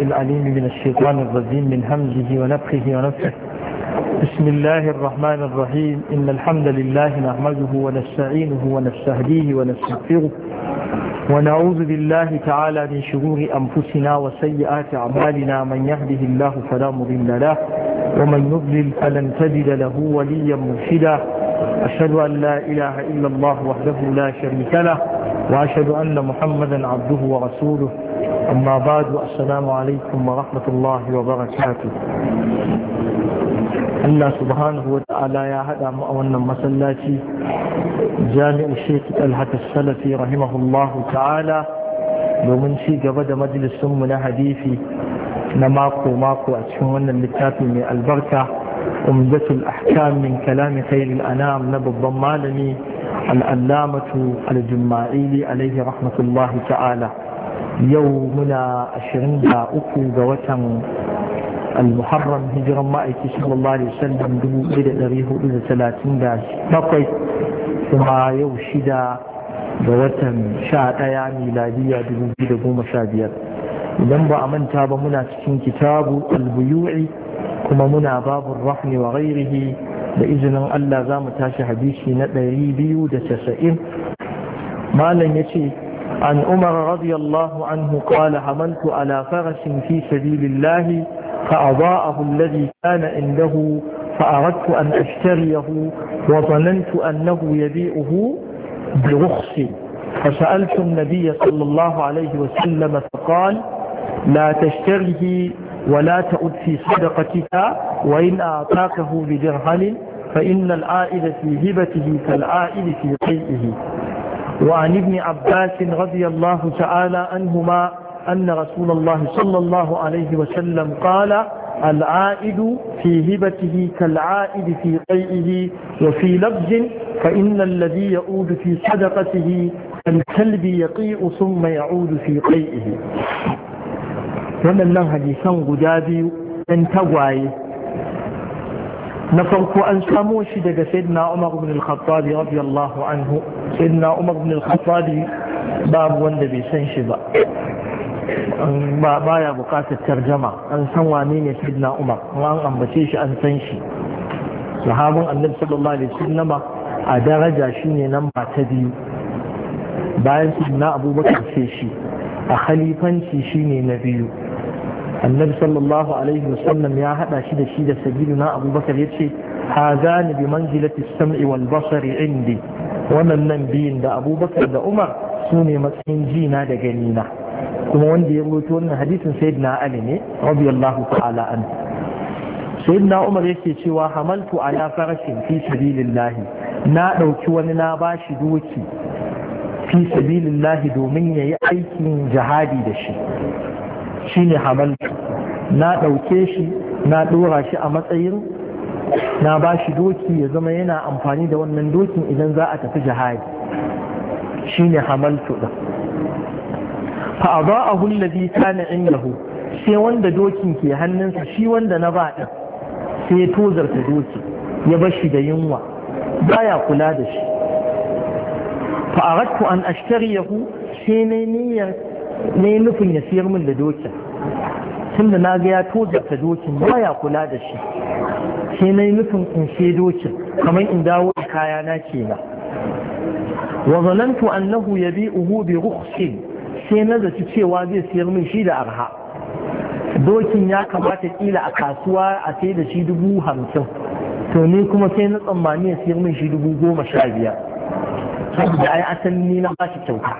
العليم من الشيطان الرجيم من همزه ونفخه ونفخه بسم الله الرحمن الرحيم إن الحمد لله نحمده ونستعينه ونستهديه ونستغفره ونعوذ بالله تعالى من شرور أنفسنا وسيئات أعمالنا من يهده الله فلا مضل له ومن يضلل فلن تجد له وليا مرشدا أشهد أن لا إله إلا الله وحده لا شريك له وأشهد أن محمدا عبده ورسوله أما بعد والسلام عليكم ورحمة الله وبركاته الله سبحانه وتعالى يا هدى مؤونا مسلاتي جامع الشيخ ألحة السلفي رحمه الله تعالى ومن شيء قبض مجلس من حديثي نماقو ماقو أتشمونا اللتاب من البركة أمدة الأحكام من كلام خير الأنام نبو الضمالني الألامة الجمائي عليه رحمة الله تعالى yau muna uku ga watan al-muharram hijiran ma'aiki sallallahu alaihi wasallam 1437 kuma yau shida ga watan 11 miladiya biyar. idan ba a manta ba muna cikin kitabu al-buyu'i kuma muna babu rahmi wa ghairihi da izinin Allah za mu tashi hadisi na da casa'in. malam ya ce عن عمر رضي الله عنه قال حملت على فرس في سبيل الله فأضاءه الذي كان عنده فأردت أن أشتريه وظننت أنه يبيعه برخص فسألت النبي صلى الله عليه وسلم فقال لا تشتريه ولا تعد في صدقتك وإن أعطاكه بدرهم فإن العائد في هبته كالعائد في قيئه وعن ابن عباس رضي الله تعالى عنهما أن رسول الله صلى الله عليه وسلم قال العائد في هبته كالعائد في قيئه وفي لفظ فإن الذي يعود في صدقته كالكلب يقيء ثم يعود في قيئه ومن له حديثا غدابي أن تغوايه na farko an samo shi daga sayyidina Umar ibn al-Khattab radiyallahu anhu sayyidina Umar ibn al-Khattab babu wanda bai san shi ba ba baya bukatar tarjama an san wane ne sayyidina Umar an ambace shi an san shi sahabin annabi sallallahu alaihi wasallam a daraja shine ba ta biyu bayan sayyidina Abubakar sai shi a khalifanci shine na biyu annabi sallallahu alaihi wasallam ya hada shi da shi da na abubakar yace hazani bi manzilati sam'i wal basari indi wannan nan biyun da abubakar da umar su ne matsayin jina da gani na kuma wanda ya rubuta wannan hadisin sayyidina ali ne radiyallahu ta'ala an sayyidina umar yake cewa hamaltu ala farashin fi sabilillah na dauki wani na bashi doki fi sabilillah domin yayi aikin jihadi da shi shine hamaltu na ɗauke shi na ɗora shi a matsayin na ba shi doki ya zama yana amfani da wannan dokin idan za a tafi jihadi ne hamaltu ɗin Fa a hullabi kana yahu, sai wanda dokin ke hannunsa shi wanda na ba ɗin sai ya tozarta doki ya bar shi da yunwa baya kula da shi fa'arattu an yahu, sai na niyyar ne nufin ya siyar min da dokin tun da na ga ya tozarta dokin baya kula da shi sai na nufin in sai dokin kamar in dawo da kaya na ke na wa zanantu annahu yabi'uhu bi rukhsin sai na zaci cewa zai siyar min shi da arha dokin ya kamata kila a kasuwa a sai da shi dubu hamsin to ni kuma sai na tsammani ya siyar min shi dubu goma sha biyar saboda ai asali ni na bashi kyauta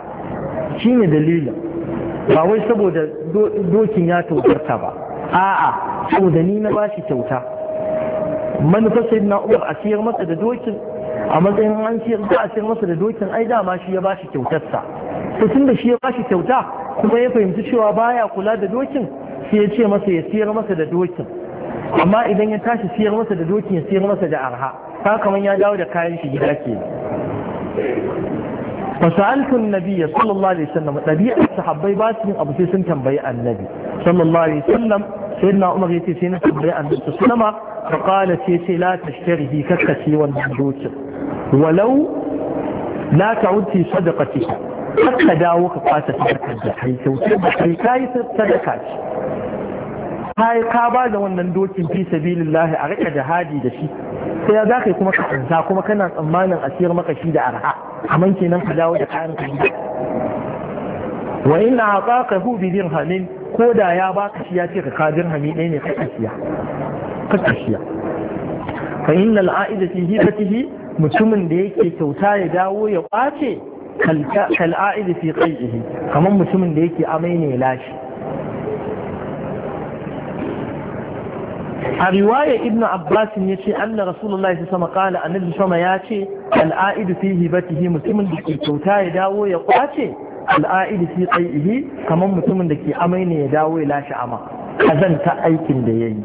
shine dalilin ba wai saboda dokin ya tautarta ba a'a saboda ni na ba shi kyauta manufar sai na umar a siyar masa da dokin a matsayin an siyar da a siyar masa da dokin ai dama shi ya ba shi kyautarsa to tun da shi ya ba shi kyauta kuma ya fahimci cewa baya kula da dokin sai ya ce masa ya siyar masa da dokin amma idan ya tashi siyar masa da dokin ya siyar masa da arha ta kamar ya dawo da kayan shi gida ke fasa'altun nabi ya sallallahu alaihi wasallam dabi'ar sahabbai ba su abu sai sun tambayi annabi sallallahu alaihi wasallam sai na umar yace sai na tambayi annabi sallama fa qala sai sai la tashtari bi kakkati wal mahduti walau la ta'ud fi sadaqati hatta dawo ka fata sadaqar da kai kyautar da kai kai sadaqa ce kai ka bada wannan dokin fi sabilillah a rika jihadi da shi sai ya zaka kuma ka ansa kuma kana tsammanin a siyar maka shi da arha amman kenan ka dawo da kayan ka wa in aqaqa hu bi dirhamin ko da ya baka shi ya ce ka ka dirhami ɗaya ne ka siya kai siya fa innal a'ida fi hibatihi mutumin da yake kyauta ya dawo ya kwace kal fi qaihi kamar mutumin da yake amai ne lashi a riwaya ibnu abbas ya ce anna rasulullahi sallallahu sama kala annabi sama ya ce al'aidu fi hibatihi mutumin da ke kyauta ya dawo ya kwace al'aidu fi qai'ihi kamar mutumin da ke amai ne ya dawo ya lashe ama kazanta aikin da yayi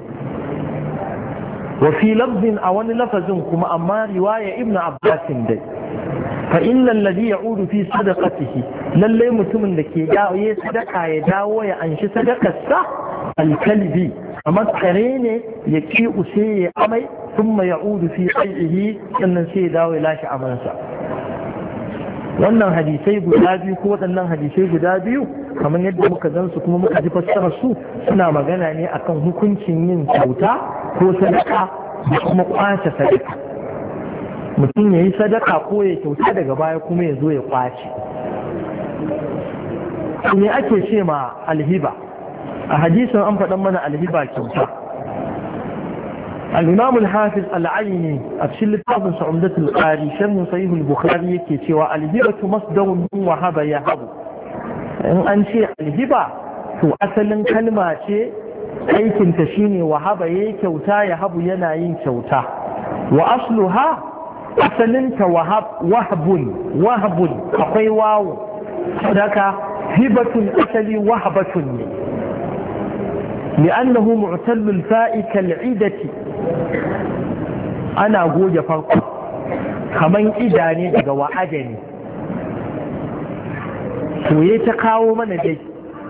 wa fi lafzin a wani lafazin kuma amma riwaya Ibn abbas dai fa innal ladhi ya'udu fi sadaqatihi lallai mutumin da ke dawo ya sadaka ya dawo ya anshi sadakarsa alkalbi matsare ne ya ki use ya amai sun mai ya'udu fi ƙai'ihi sannan sai ya dawo ya lashe amansa wannan hadisai guda biyu ko waɗannan hadisai guda biyu kamar yadda muka zan su kuma muka ji fassarar su suna magana ne akan hukuncin yin kyauta ko sadaka da kuma kwace sadaka mutum ya yi sadaka ko ya kyauta daga baya kuma ya zo ya kwace me ake ce ma alhiba a hadisin an faɗan mana alhiba kyauta al-imam hafiz al a cikin littafin sa'umdat al-qari sharhin bukhari yake cewa al masu masdarun min wahaba yahabu in an ce Alhiba, to asalin kalma ce aikin ta shine wahaba yi kyauta habu yana yin kyauta wa asluha asalin ta akwai wawo sadaka hibatun asali wahabatun ne لأنه معتل الفاء كالعدة أنا أقول فرق كمن إداني وعدني ويتقاو من دي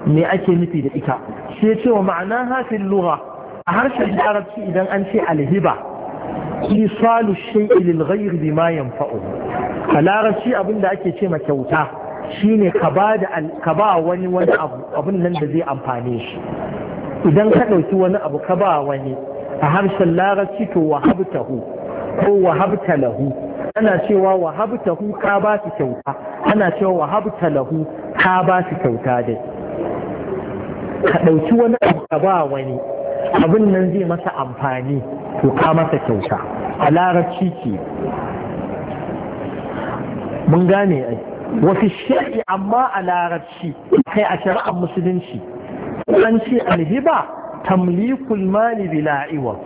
ne ake nufi da ita sai ce wa ma'ana hafin lura a harshen larabci idan an ce alhiba isalu shay'i lil ghayr bima yanfa'u a larabci abin da ake ce ma kyauta shine ka ba wani wani abu abin nan da zai amfane shi idan ka ɗauki wani abu ka ba wani a harshen larabci to wahabtahu ko wahabta lahu ana cewa wahabtahu ka ba shi kyauta ana cewa wahabta lahu ka ba shi kyauta dai ka ɗauki wani abu ka ba wani abin nan zai masa amfani to ka masa kyauta a larabci ke mun gane ai wasu shari'a amma a larabci kai a shari'ar musulunci an ce alhiba tamlikul mali bila iwab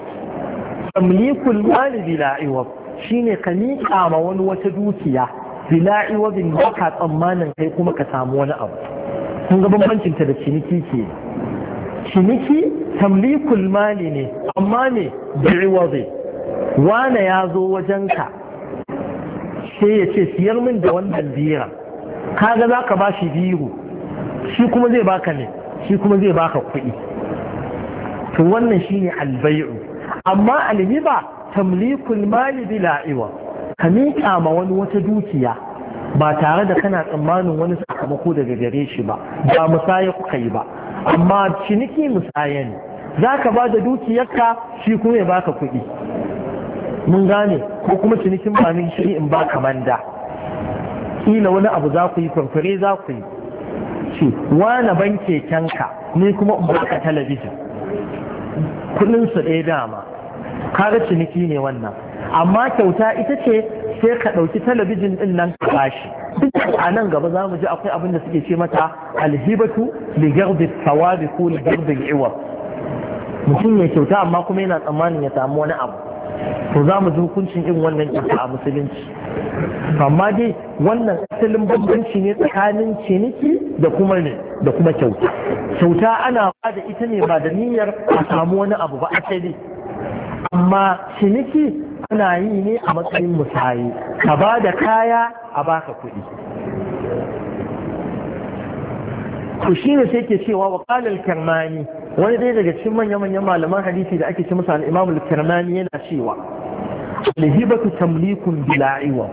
tamlikul mali bila iwab shine ka miƙa ma wani wata dukiya bila iwabin ka tsammanin kai kuma ka samu wani abu kun ga bambancin da ciniki ke ciniki tamlikul mali ne amma ne bi'iwabi wane ya zo wajenka sai ya ce siyar min da wannan bira kaga za ka ba shi biyu shi kuma zai baka ne shi kuma zai baka kuɗi to wannan shine albay'u amma alhiba tamlikul mali bila iwa ka miƙa ma wani wata dukiya ba tare da kana tsammanin wani sakamako daga gare shi ba ba musaya kuka yi ba amma ciniki musaya ne za ka ba da dukiyarka shi kuma ya baka kuɗi mun gane ko kuma cinikin ba min shi in ba kamanda kila wani abu za ku yi kwamfure za ku yi ce wane ban kekenka ni kuma in baka talabijin kudin su ɗaya dama kaga ciniki ne wannan amma kyauta ita ce sai ka ɗauki talabijin ɗin nan ka bashi duk a nan gaba za mu ji akwai abin da suke ce mata alhibatu li gardi sawabi ko li gardi iwa mutum ya kyauta amma kuma yana tsammanin ya samu wani abu to za mu ji hukuncin irin wannan kisa a musulunci amma dai wannan asalin bambanci ne tsakanin ciniki da kuma ne da kuma kyauta kyauta ana ba da ita ne ba da niyyar a samu wani abu ba asali amma ciniki ana yi ne a matsayin musayi ka ba da kaya a baka kuɗi to ne sai ke cewa wa kalal karmani wani ɗaya daga cikin manya-manyan malaman hadisi da ake ci musu al-imam al-kirmani yana cewa al-hibatu tamlikun bila iwa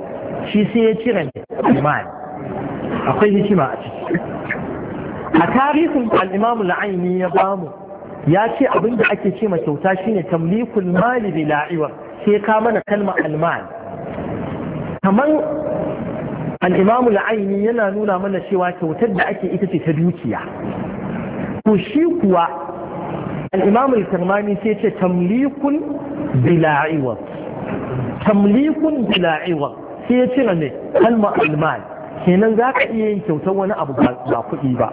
shi sai ya cire ne imani akwai hikima a ciki a tarihin al-imam al-aini ya bamu ya ce abin da ake ce kyauta shine tamlikul mali bila iwa sai ka mana kalma al-mal kamar al-imam al-aini yana nuna mana cewa kyautar da ake ita ce ta dukiya to shi kuwa الإمام الكرماني سيتي تمليك بلا عوض تمليك بلا عوض سيتي غني كلمة المال kenan za ka iya yin kyautar wani abu ba kuɗi ba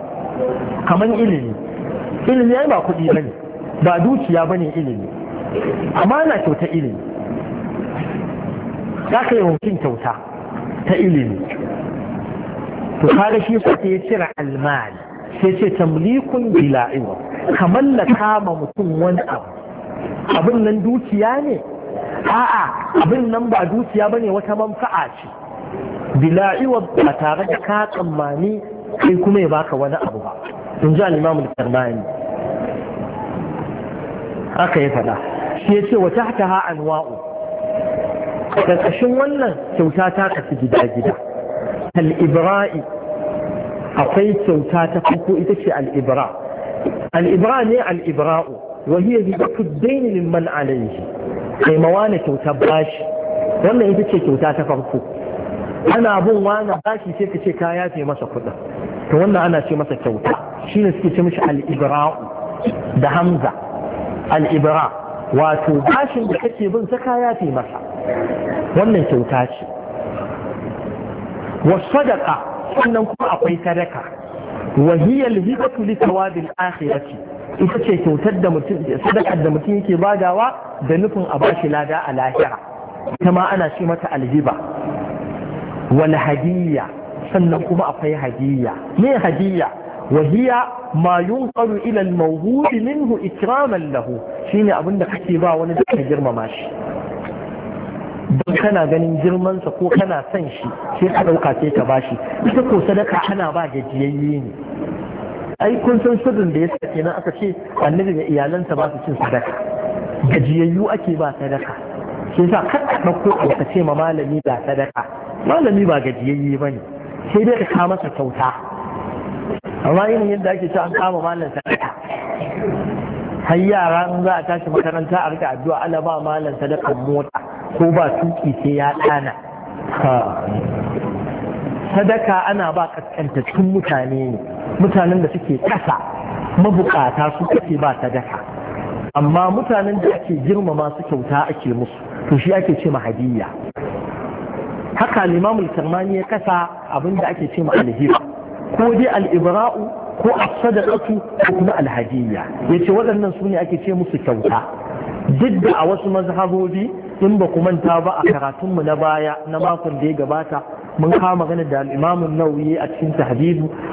kamar ilimi ilimi ba dukiya ba ne ilimi amma kyauta ilimi za ka yi mutum kyauta ta ilimi to shi ya cire almali sai ce tamlikun bila'iwa ka mallaka mutum wani abu abin nan dukiya ne a'a abin nan ba dukiya bane wata manfa'a ce bila'i ba tare da ka tsammani kai kuma ya baka wani abu ba in ji al-imam karmani haka ya faɗa shi ya ce wa tahtaha anwa'u ƙarƙashin wannan kyauta ta kafi gida-gida al-ibra'i akwai kyauta ta farko ita ce al-ibra al'ibra ne al'ibra'u wahiyar zika tuddaini liman alayhi kai mawane kyauta bashi wannan ita ce kyauta ta farko ana bin wani bashi sai ka ce ka yafe masa kuɗin to wannan ana ce masa kyauta shine suke ce mishi al'ibra'u da hamza al'ibra wato bashin da take bin sa ka yafe masa wannan kyauta ce wasu sadaka sannan kuma akwai sadaka وهي الهبة لثواب الآخرة ita ce kyautar da mutum sadakar da mutum yake badawa da nufin a bashi lada a lahira ita ma ana ce mata alhiba wal hadiyya sannan kuma akwai hadiyya me hadiyya wa hiya ma yunqalu ila minhu ikraman lahu shine abinda da kake ba wani da ka girmama shi don kana ganin girmansa ko kana san shi sai ka dauka sai ka bashi ita ko sadaka ana ba gajiyayye ne ai kun san sirrin da ya sa kenan aka ce annabi da iyalansa ba su cin sadaka gajiyayyu ake ba sadaka sai sa kar ka ɗauko ka ce ma malami ba sadaka malami ba gajiyayye ba ne sai dai ka kama masa kyauta amma irin yadda ake cewa an kama malam sadaka har yara in za a tashi makaranta a rika addu'a ala ba malam sadakan mota ko ba tuki sai ya tsana. sadaka ana ba kaskantattun mutane ne mutanen da suke kasa mabukata su kake ba ta sadaka amma mutanen da ake girmama su kyauta ake musu to shi ake ce hadiyya haka limamul karmani ya kasa abinda ake ce ma alhira ko dai al'ibra'u ko as-sadaqatu ko kuma alhadiyya ce waɗannan su ne ake ce musu kyauta duk da a wasu mazhabobi in ba ku manta ba a karatunmu na baya na makon da ya gabata mun kawo magana da al'imamun nauyi a cikin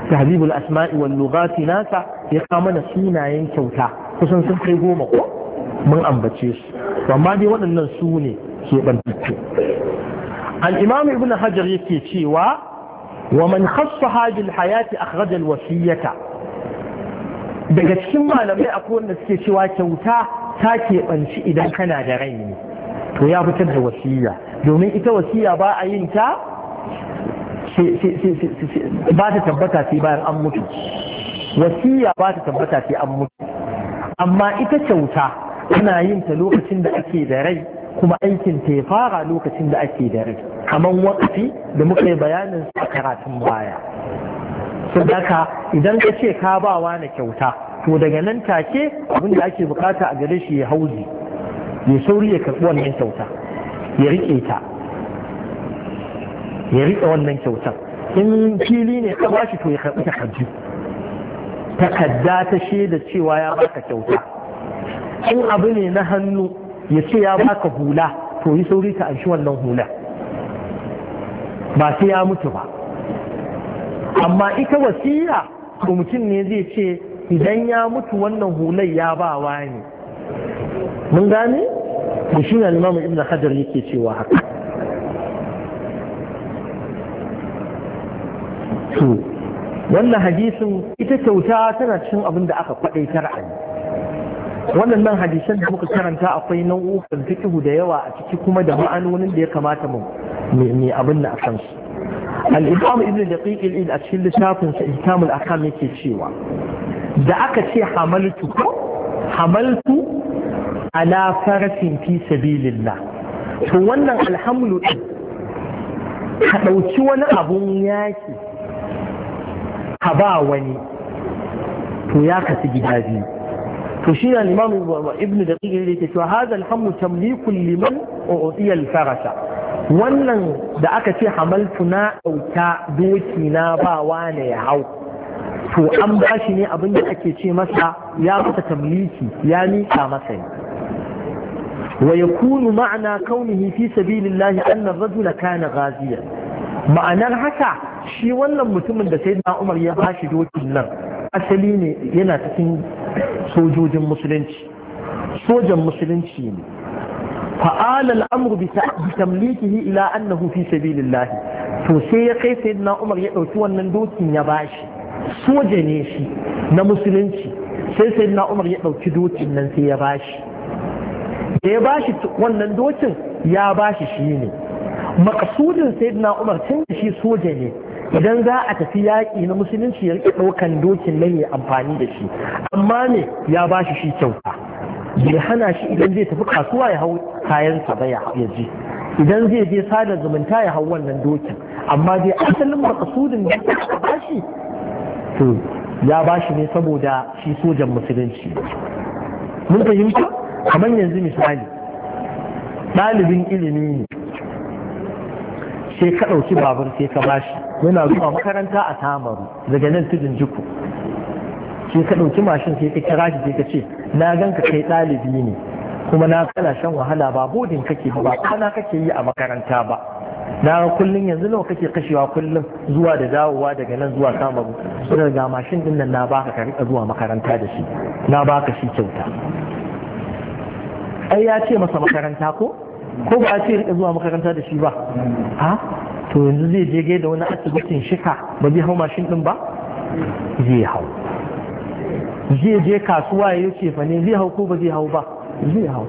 tahbibu al asma'i wal lughati nasa ya kawo mana sunayen kyauta kusan sun kai goma ko mun ambace su amma dai waɗannan su ne ke bantattu al-imam ibn hajar yake cewa wa man khassaha bil hayati akhraja al wasiyata daga cikin malamai akwai wanda suke cewa kyauta ta ke banci idan kana da rai ne to ya fitar da wasiya domin ita wasiya ba a yin ta ba ta tabbata sai bayan an mutu wasiya ba ta tabbata sai an mutu amma ita kyauta ana yin ta lokacin da ake da rai kuma aikin ta ya fara lokacin da ake da rai kamar wakafi da muka yi bayanin a karatun baya sun daga idan ka ce ka ba wani kyauta to daga nan take abinda ake bukata a gare shi ya hauzi ya sauri ya karɓi wannan kyauta ya riƙe ta ya riƙe wannan kyautar in fili ne ka bashi to ya karɓi takardu takarda ta shaida cewa ya baka kyauta in abu ne na hannu ya ce ya baka hula to yi sauri ka anshi wannan hula ba sai ya mutu ba amma ita wasiya to mutum ne zai ce idan ya mutu wannan hulai ya ba wa ne mun gane mushin shi na ibn hajar yake cewa haka to wannan hadisin ita kyauta tana cikin abin da aka kwaɗe ta ra'ayi wannan hadisan da muka karanta akwai nau'ukan fiqh da yawa a ciki kuma da ma'anonin da ya kamata mu mai abin na akan su al ibn daqiq a cikin littafin sa ihkamul akam yake cewa da aka ce hamaltu hamaltu ala farasin fi sabilillah to wannan alhamlu ka ɗauki wani abun yaki ka ba wani to ya kasu gida biyu to shi ne limamu ibn da tsirin da ke cewa haza alhamu tamlikun liman o otsiyar farasa wannan da aka ce hamaltu na ɗauka doki na ba wane ya hau to an ba shi ne abin da ake ce masa ya masa tamliki ya miƙa masa ne ويكون معنى كونه في سبيل الله أن الرجل كان غازيا ma'anar haka shi wannan mutumin da sai umar ya bashi dokin nan asali ne yana cikin sojojin musulunci sojan musulunci ne fa'al al'amru bi tamlikihi ila annahu fi sabilillah to sai ya kai sayyidina umar ya dauki wannan dokin ya bashi soja ne shi na musulunci sai sayyidina umar ya dauki dokin nan sai ya bashi da ya bashi wannan dokin ya bashi shi ne maqsudin sayyidina umar tun shi soja ne idan za a tafi yaƙi na musulunci ya rike ɗaukan dokin nan ya amfani da shi amma ne ya ba shi shi kyauta bai hana shi idan zai tafi kasuwa ya hau kayansa ba ya ji idan zai je sadar zumunta ya hau wannan dokin amma dai asalin makasudin da ya ba shi to ya ba shi ne saboda shi sojan musulunci mun fahimta kamar yanzu misali ɗalibin ilimi ne sai ka ɗauki babur sai ka ba shi muna zuwa makaranta a samaru daga nan tudun jiku shi ka ɗauki mashin sai ka kira shi sai ka ce na ganka kai ɗalibi ne kuma na kana shan wahala ba bodin kake ba ba kana kake yi a makaranta ba na kullum yanzu nawa kake kashewa kullum zuwa da dawowa daga nan zuwa samaru sai ga mashin din nan na baka ka rika zuwa makaranta da shi na baka shi kyauta ai ya ce masa makaranta ko ko ba a ce rika zuwa makaranta da shi ba ha to yanzu zai je gaida wani asibitin shika ba zai hau mashin din ba zai hau zai je kasuwa ya yi cefa ne zai hau ko ba zai hau ba zai hau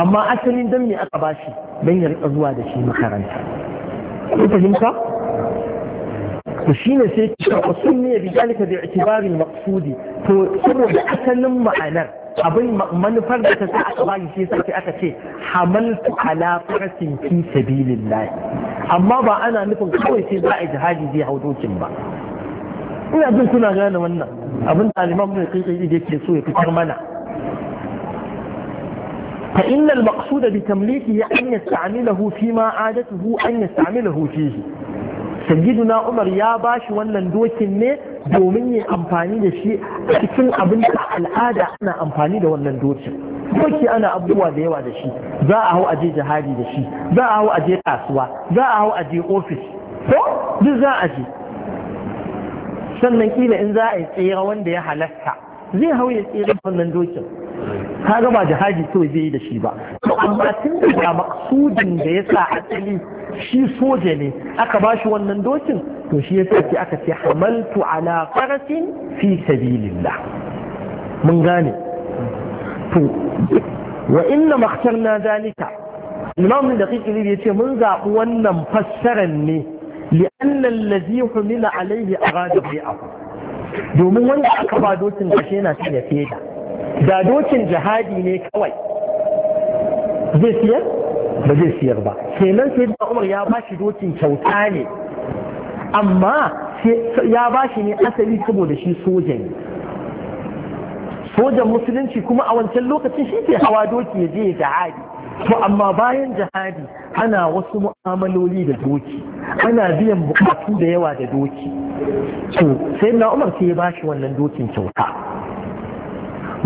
amma asalin don me aka bashi don ya rika zuwa da shi makaranta ko fahimta to shine sai ka sunne bi zai bi i'tibari maqsudi to saboda asalin ma'anar abin manufar da ta sa aka bashi shi sai aka ce hamaltu ala farasin fi sabilillah amma ba ana nufin kawai sai za a yi jihadi zai hau dokin ba ina jin kuna gane wannan abin da aliman mai kai kai yake so ya fitar mana fa innal bitamin bi tamlikihi an yasta'milahu fi ma adatuhu an yasta'milahu fihi sayyiduna umar ya bashi wannan dokin ne domin yin amfani da shi cikin abin da al'ada ana amfani da wannan dokin doki ana abubuwa da yawa da shi za a hau aje jihadi da shi za a hau aje kasuwa za a hau aje ofis ko duk za a je sannan kila in za a yi tsira wanda ya halatta zai hau ya tsira wannan dokin ga ba jihadi to zai yi da shi ba amma tun da ga maksudin da ya sa asali shi soja ne aka ba shi wannan dokin to shi ya ce aka ce hamaltu ala farasin fi sabilillah mun gane to wa inna makhtarna zalika imam da kike ya ce mun zaɓi wannan fassarar ne li'anna allazi humila alaihi arada bi'ahu domin wanda aka ba dokin kashe yana cin ya fiye da dokin jihadi ne kawai zai siyar ba zai siyar ba kenan sai da umar ya bashi dokin kyauta ne amma ya bashi ne asali saboda shi soja ne sojan musulunci kuma a wancan lokacin shi ke hawa doki ya je jihadi to amma bayan jihadi ana wasu mu'amaloli da doki ana biyan bukatu da yawa da doki to sai na umar sai ya bashi wannan dokin kyauta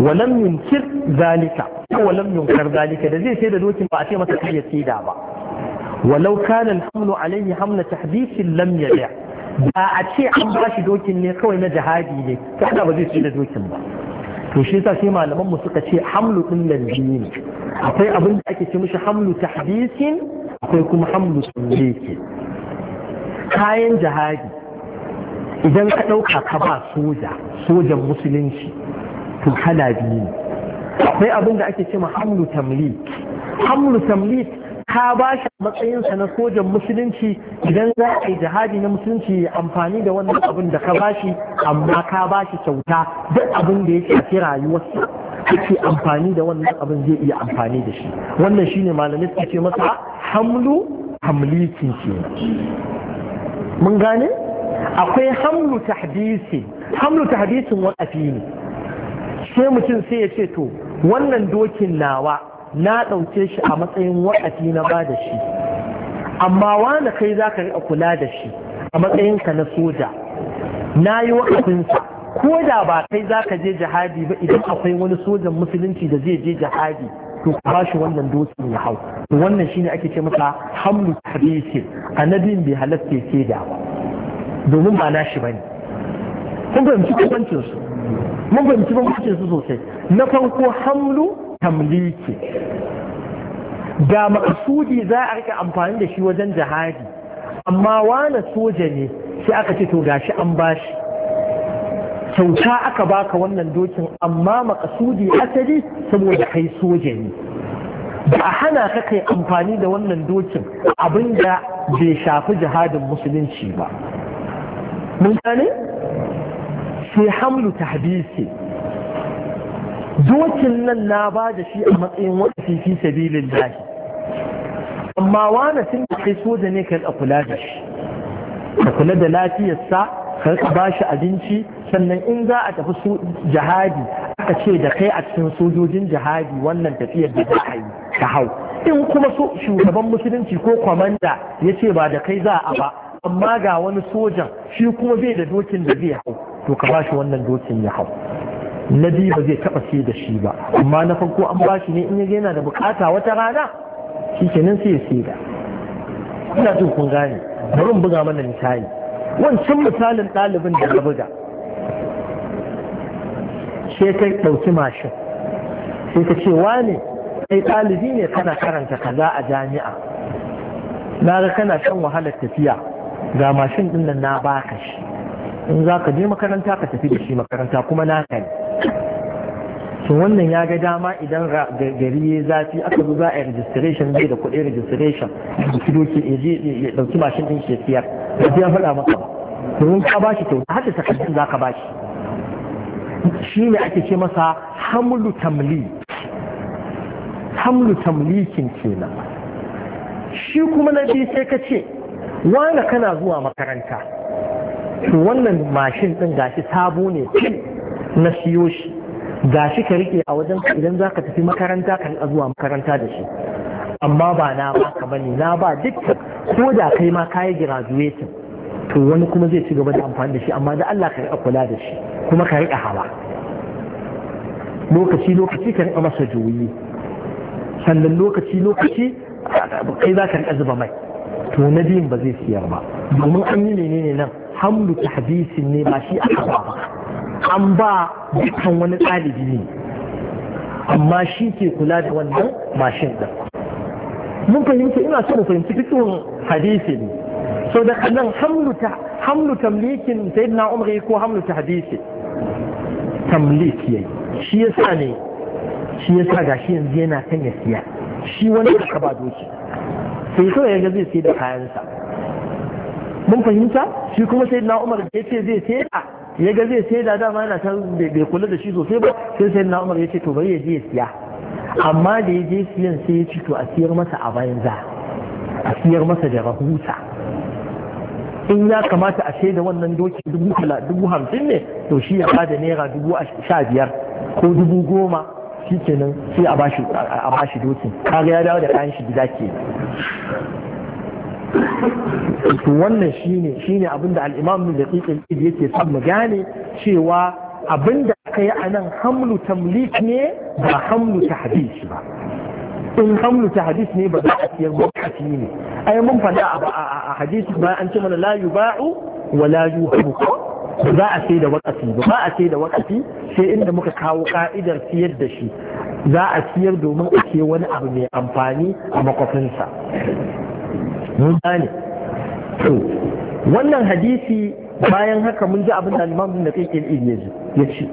walam yunkir zalika ko walam yunkar zalika da zai sai da dokin ba a ce masa kai ya saida ba walau kana alhamlu alayhi hamla tahdithin lam yada ba a ce an bashi dokin ne kawai na jihadi ne kada ba zai sai da dokin ba to shi sa sai malaman mu suka ce hamlu din nan ne akwai abin da ake ce mishi hamlu tahdisin akwai kuma hamlu sunniki kayan jihadi idan ka ɗauka ka ba soja sojan musulunci to kala biyu ne akwai abin da ake ce ma hamlu tamlik hamlu tamlik ka ba shi matsayinsa na sojan musulunci idan za a yi jihadi na musulunci amfani da wannan abin da ka ba shi amma ka ba shi kyauta duk abin da ya shafi rayuwarsa ake amfani da wannan abin zai iya amfani da shi wannan shine malamai suka ce masa hamlu hamlikin ce mun gane akwai hamlu tahdisi hamlu tahdisin wa'afi ne sai mutum sai ya ce to wannan dokin nawa na ɗauke shi a matsayin waƙafi na ba da shi amma wanda kai za ka riƙa kula da shi a matsayin ka na soja na yi waƙafinsa ko da ba kai za ka je jihadi ba idan akwai wani sojan musulunci da zai je jihadi to ka ba shi wannan dokin ya hau wannan shine ake ce masa hamlu na annabin bai halatta ke da ba domin ba nashi bane kun fahimci bambancin su mun fahimci bambancin su sosai na farko hamlu tamliki da maksudi za a rika amfani da shi wajen jihadi amma wane soja ne sai aka ce to gashi an bashi kyauta aka baka wannan dokin amma makasudi asali saboda kai soja ne ba a hana ka kai amfani da wannan dokin abin da bai shafi jihadin musulunci ba mun gane sai hamlu ta hadisi dokin nan na ba da shi a matsayin waɗansu fifi sabilin lahi amma wani sun da kai soja ne ka kula da shi ka kula da lafiyarsa ka ba shi abinci sannan in za a tafi su jihadi aka ce da kai a cikin sojojin jihadi wannan tafiyar da za a yi ka hau in kuma so shugaban musulunci ko kwamanda ya ce ba da kai za a ba amma ga wani sojan shi kuma bai da dokin da zai hau to ka ba shi wannan dokin ya hau na biyu ba zai taba sai da shi ba amma na farko an ba shi ne in yaga yana da bukata wata rana shi kenan sai ya sai da ina jin kun gane bari buga mana misali wancan misalin ɗalibin da na buga sai ka ɗauki mashin sai ka ce wane kai ɗalibi ne kana karanta kaza a jami'a na ga kana shan wahalar tafiya ga mashin ɗin nan na baka shi in za ka je makaranta ka tafi da shi makaranta kuma na kai to wannan ya ga dama idan gari ya zafi aka zo za a registration zai da kuɗin registration da kidoki ya ɗauki mashin ɗin ke siyar da sai ya faɗa maka ba domin ka bashi shi kyauta har da takardun za ka bashi? shi shi ne ake ce masa hamlu tamli hamlu tamlikin kenan shi kuma na biyu sai ka ce wanda kana zuwa makaranta to wannan mashin ɗin gashi sabo ne na siyo shi ga shi ka rike a wajen idan za ka tafi makaranta ka riƙa zuwa makaranta da shi amma ba na ba ka bane na ba duk ko da kai ma ka yi graduation to wani kuma zai ci gaba da amfani da shi amma da Allah ka riƙa kula da shi kuma ka rika hawa lokaci lokaci ka riƙa masa juyi sannan lokaci lokaci kai za ka riƙa zuba mai to na biyun ba zai siyar ba domin an yi menene nan hamlu tahdisin ne ba shi aka ba an ba dukkan wani ɗalibi ne amma shi ke kula da wannan mashin ɗin mun fahimta ina son mu fahimci dukkan hadisi ne so da nan hamlu ta hamlu tamlikin na umar ko hamlu tahdisi tamlik yayi shi yasa ne shi yasa gashi yanzu yana kan ya siya shi wani aka ba doki sai so ya ga zai sai da kayansa mun fahimta shi kuma sai na umar ya ce zai sai da ya ga zai sai da dama yana can bai kula da shi sosai ba sai sai na umar ya ce to bari ya je ya siya amma da ya je siyan sai ya ci to a siyar masa a banza a siyar masa da rahusa in ya kamata a shaida wannan doki dubu hamsin ne to shi ya bada naira dubu sha biyar ko dubu goma shi kenan sai a bashi a bashi doki kaga ya dawo da kayan shi gida ke to wannan shine shine abinda al-imam ibn daqiq yake son mu gane cewa abinda kai a nan hamlu tamlik ne ba hamlu tahdis ba in hamlu tahdis ne ba za a siyar lokaci ne ai mun faɗa a hadisi ba an ce mana la yuba'u wa la yuhabu Za a sai da wakafi ba a sai da wakafi sai inda muka kawo ka'idar siyar da shi za a siyar domin a ce wani abu mai amfani a makwafinsa mun gane to wannan hadisi bayan haka mun ji abin da limamin da kai ya ce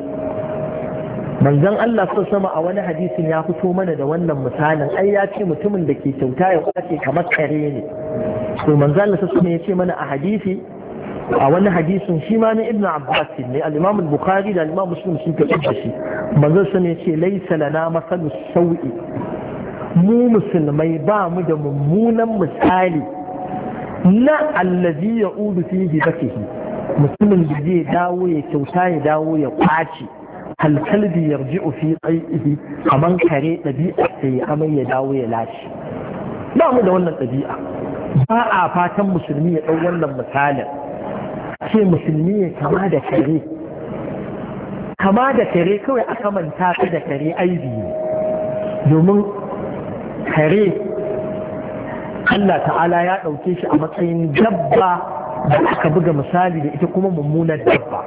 manzon Allah so sama a wani hadisin ya fito mana da wannan misalin ai ya ce mutumin da ke kyauta ya kwace kamar kare ne to manzon Allah su sama ya ce mana a hadisi a wani hadisin shi ma na ibn abbas ne al-imam al-bukhari da al-imam muslim sun ka da shi manzon sun ya ce laysa lana masalus sau'i mu musulmai ba mu da mummunan misali na allazi ya'udu fi hibatihi mutumin da zai dawo ya kyauta ya dawo ya kwace halkalbi yarji'u fi qai'ihi kaman kare ɗabi'a sai amai ya dawo ya lashe ba mu da wannan ɗabi'a. ba a fatan musulmi ya ɗau wannan misalin ce musulmi ya kama da kare kama da kare kawai aka manta ka da kare aibi ne domin kare Allah ta'ala ya ɗauke shi a matsayin dabba da aka buga misali da ita kuma mummunar dabba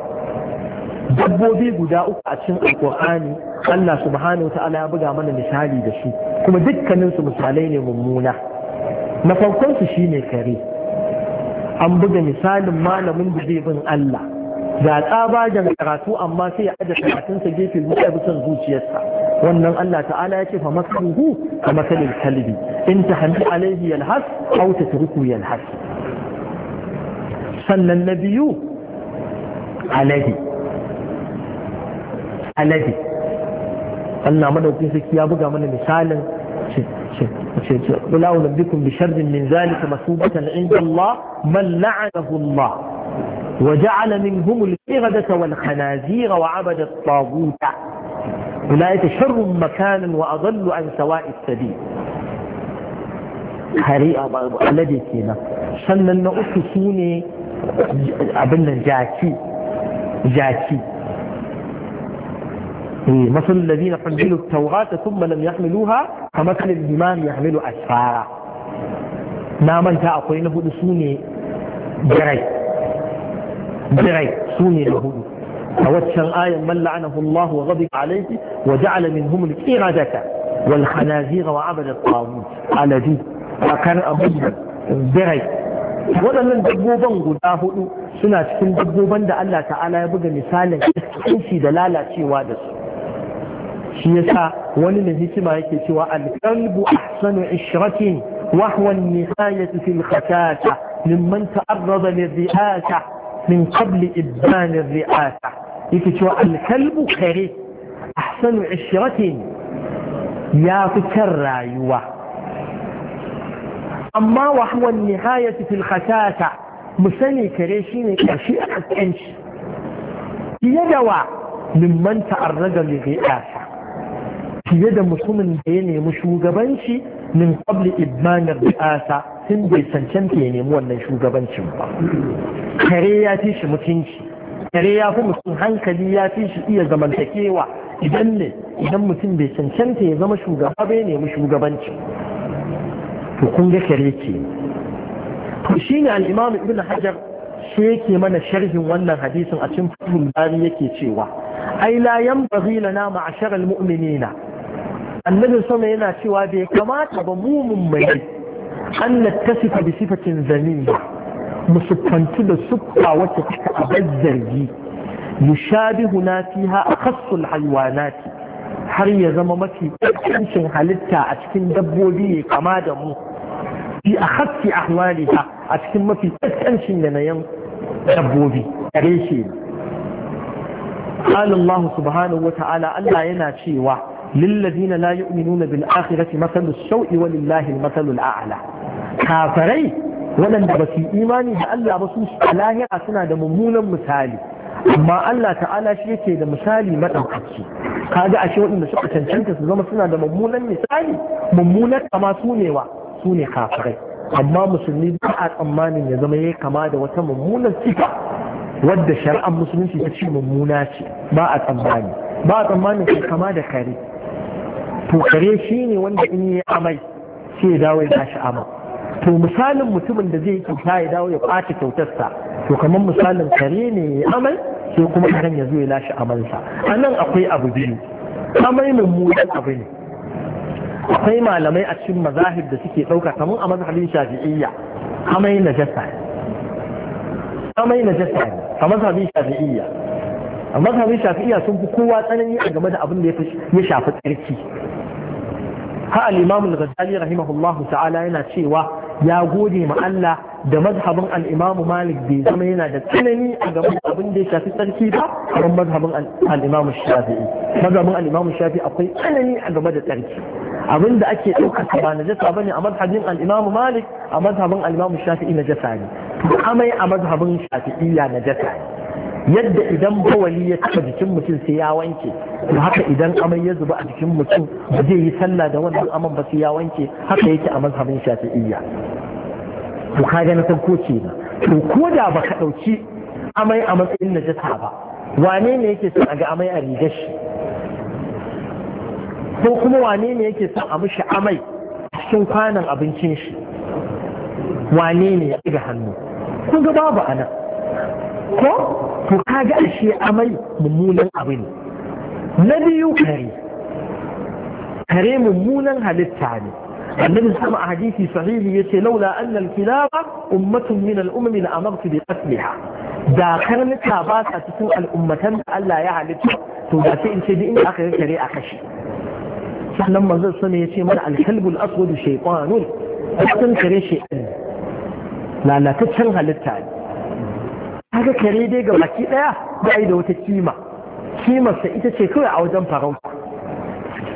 dabbobi guda uku a cikin alkur'ani Allah subhanahu wa ta'ala ya buga mana misali da shi, kuma dukkaninsu misalai ne mummuna na farkonsu shine kare an buga misalin malamin da zai bin Allah ga tsabagen karatu amma sai ya aje karatunsa gefe bisan zuciyarsa wannan Allah ta'ala ya ce fa masaluhu ka masalil kalbi in tahdi alaihi yalhas aw tatruku yalhas sannan na biyu alaihi alaihi Allah madaukin sarki ya buga mana misalin قل بكم بشر من ذلك مثوبة عند الله من لعنه الله وجعل منهم القردة والخنازير وعبد الطاغوت أولئك شر مكانا وأضل عن سواء السبيل حريقة الذي sannan شن uku أسسوني ne جاكي جاكي مثل الذين حملوا التوراة ثم لم يحملوها كمثل الإمام يحمل أسفارا نامن تأقوين هدو سوني جري جري سوني لهدو فوتشن آية من لعنه الله وغضب عليه وجعل منهم الإرادة والخنازير وعبد الطاغوت على دي فكان أبدا جري waɗannan dabbobin guda hudu suna cikin dabbobin da Allah ta'ala ya buga misalin inci da lalacewa da su shi yasa wani ne hikima yake cewa alqalbu ahsanu ishratin wa huwa an-nihayatu fil khatata mimman ta'arrada lirri'ata min qabli ibdan ar-ri'ata yake cewa alqalbu kare ahsanu ishratin ya fi kyan rayuwa amma wa huwa an-nihayatu fil khatata musani kare shine karshe a kaskanci fiye da wa mimman ta'arrada lirri'ata fiye da mutumin da ya nemi shugabanci min qabli idmanar bi'asa sun bai cancanta ya nemi wannan shugabancin ba kare ya fi shi mutunci kare ya fi mutum hankali ya fi shi iya zamantakewa idan ne idan mutum bai cancanta ya zama shugaba bai nemi shugabanci to kun ga kare ke to shine al-imam ibn hajar shi yake mana sharhin wannan hadisin a cikin fatul bari yake cewa ai la yanbaghi lana ma'ashara al-mu'minina annabi sama yana cewa bai kamata ba mu mummai an nattasifa bi sifatin zaniya mu siffantu da siffa wacce take a bazzargi yushabihuna fiha akhassul haywanati har ya zama mafi kancin halitta a cikin dabbobi ya kama da mu fi akhassi ahwaliha a cikin mafi kancin yanayin dabbobi kare shi قال الله سبحانه وتعالى ألا ينا شيء واحد lillazina la yu'minuna bil akhirati masalus saw'i walillahi al-masalul a'la kafirai waɗanda ba su imani da Allah ba su lahira suna da mummunan misali amma Allah ta'ala shi yake da misali Ka ga ashe waɗanda suka cancanta su zama suna da mummunan misali mummunan kama su wa su ne amma musulmi ba a tsammanin ya zama yayi kama da wata mummunan sifa wadda shari'ar musulunci ta ce mummuna ce ba a tsammani ba a tsammanin kai kama da kare to kare shi ne wanda in yi amai sai ya dawo ya tashi amai to misalin mutumin da zai kyauta ya dawo ya ɓata kyautarsa to kamar misalin kare ne ya amai sai kuma karen ya zo ya lashe amansa a nan akwai abu biyu amai mummunan abu ne akwai malamai a cikin mazahib da suke ɗauka kamar a mazhabin shafi'iyya amai na jasa ne amai na jasa ne a mazhabin shafi'iyya a mazhabin shafi'iyya sun fi kowa tsanani a game da abin da ya shafi tsarki ha al-imam al-ghazali rahimahullahu ta'ala yana cewa ya gode ma Allah da mazhabin al'imamu malik bai zama yana da tsanani a gaban abin da ya shafi tsarki ba kamar mazhabin al shafi'i mazhabin al shafi'i akwai tsanani a game da tsarki abin da ake ɗaukaka ba na jasa bane a mazhabin al'imamu malik a mazhabin al shafi'i na jasa ne amai a mazhabin shafi'iyya na jasa ne yadda idan bawali ya taɓa jikin mutum sai ya wanke to haka idan amai ya zuba a jikin mutum ba zai yi sallah da wannan aman ba sai ya wanke haka yake a mazhabin shafi'iyya to ka ga na san ko ce na to ko da ba ka ɗauki amai a matsayin najasa ba wane ne yake son a ga amai a rigar shi ko kuma wane ne yake son a mishi amai cikin kwanan abincin shi wane ne ya ɗiga hannu kun ga babu anan ko to kaga ashe amai mummunan abu ne na biyu kare kare mummunan halitta ne annabi sama a hadisi sahihi yace laula anna al-kilaba ummatun min al la amartu bi qatliha da karnuka ba sa cikin al'ummatan da Allah ya halitta to da sai in ce duk inda aka kare a kashe sannan manzon sama yace mana al-kalbul aswad shaytanun asan kare shaytan lalataccen halitta ne Haka kare dai ga baki daya ba da wata kima kimarsa ita ce kawai a wajen farauta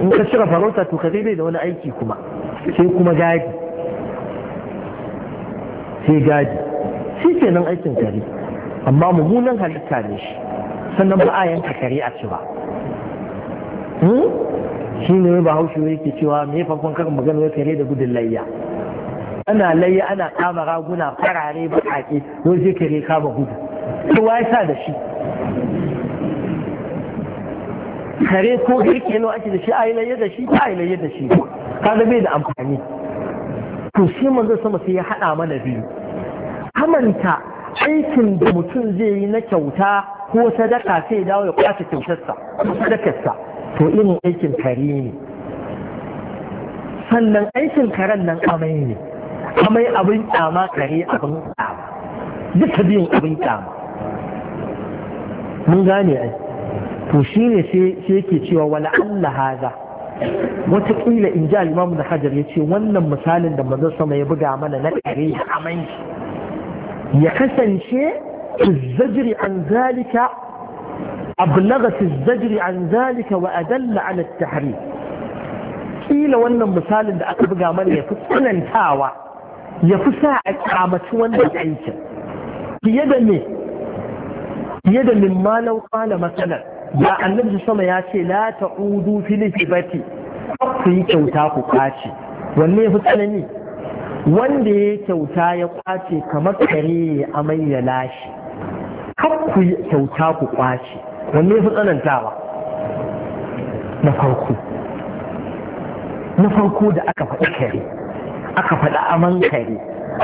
in ka cire farauta to kare dai da wani aiki kuma sai kuma gadi sai gadi shi ke nan aikin kare amma mummunan halitta ne shi sannan ba a yanka kare a ci ba hmm? shi ne ba haushi yake cewa me farkon karin magana kare da gudun layya ana layi ana kama raguna farare baƙaƙe ko zikiri kare kama gudu to ya sa da shi kare ko girke nawa ake da shi a yi layi da shi a yi layi da shi Kada bai da amfani to shi manzo sama sai ya haɗa mana biyu kamanta aikin da mutum zai yi na kyauta ko sadaka sai dawo ya kwace kyautarsa ko sadakarsa to irin aikin kare ne sannan aikin karen nan amai ne amai abin kyama kare abin kyama duka biyan abin kyama mun gane ai to shi ne sai yake cewa wala Allah haza wataƙila in ji alimamu da hajar ya ce wannan misalin da manzon sama ya buga mana na kare da amai ya kasance zajiri an zalika أبلغت الزجر عن wa وأدل على التحريم kila wannan misalin da aka buga mana ya fi tsanantawa ya fi sa a kyamaci wanda ya aiki fiye da me fiye da min malau kala matsalar da annabi sama ya ce la ta'udu fil hibati ku yi kyauta ku kwace wanne ya fi tsanani wanda ya kyauta ya kwace kamar kare a amai ya lashe kar ku yi kyauta ku kwace wanne ya fi tsanantawa na farko na farko da aka faɗi kare aka faɗi aman kare